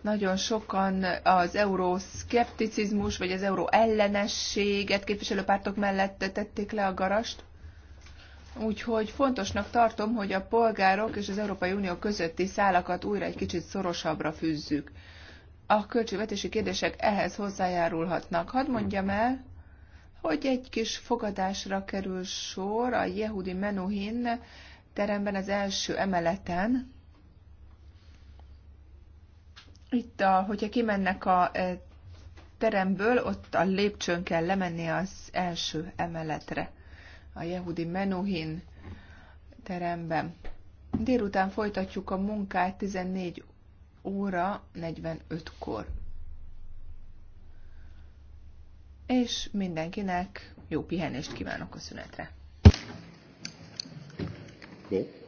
nagyon sokan az euroszkepticizmus vagy az euró ellenességet képviselő pártok mellett tették le a garast. Úgyhogy fontosnak tartom, hogy a polgárok és az Európai Unió közötti szálakat újra egy kicsit szorosabbra fűzzük. A költségvetési kérdések ehhez hozzájárulhatnak. Hadd mondjam el, hogy egy kis fogadásra kerül sor a Jehudi Menuhin teremben az első emeleten. Itt, a, hogyha kimennek a e, teremből, ott a lépcsőn kell lemenni az első emeletre a Jehudi Menuhin teremben. Délután folytatjuk a munkát 14 óra 45-kor. És mindenkinek jó pihenést kívánok a szünetre. Cool.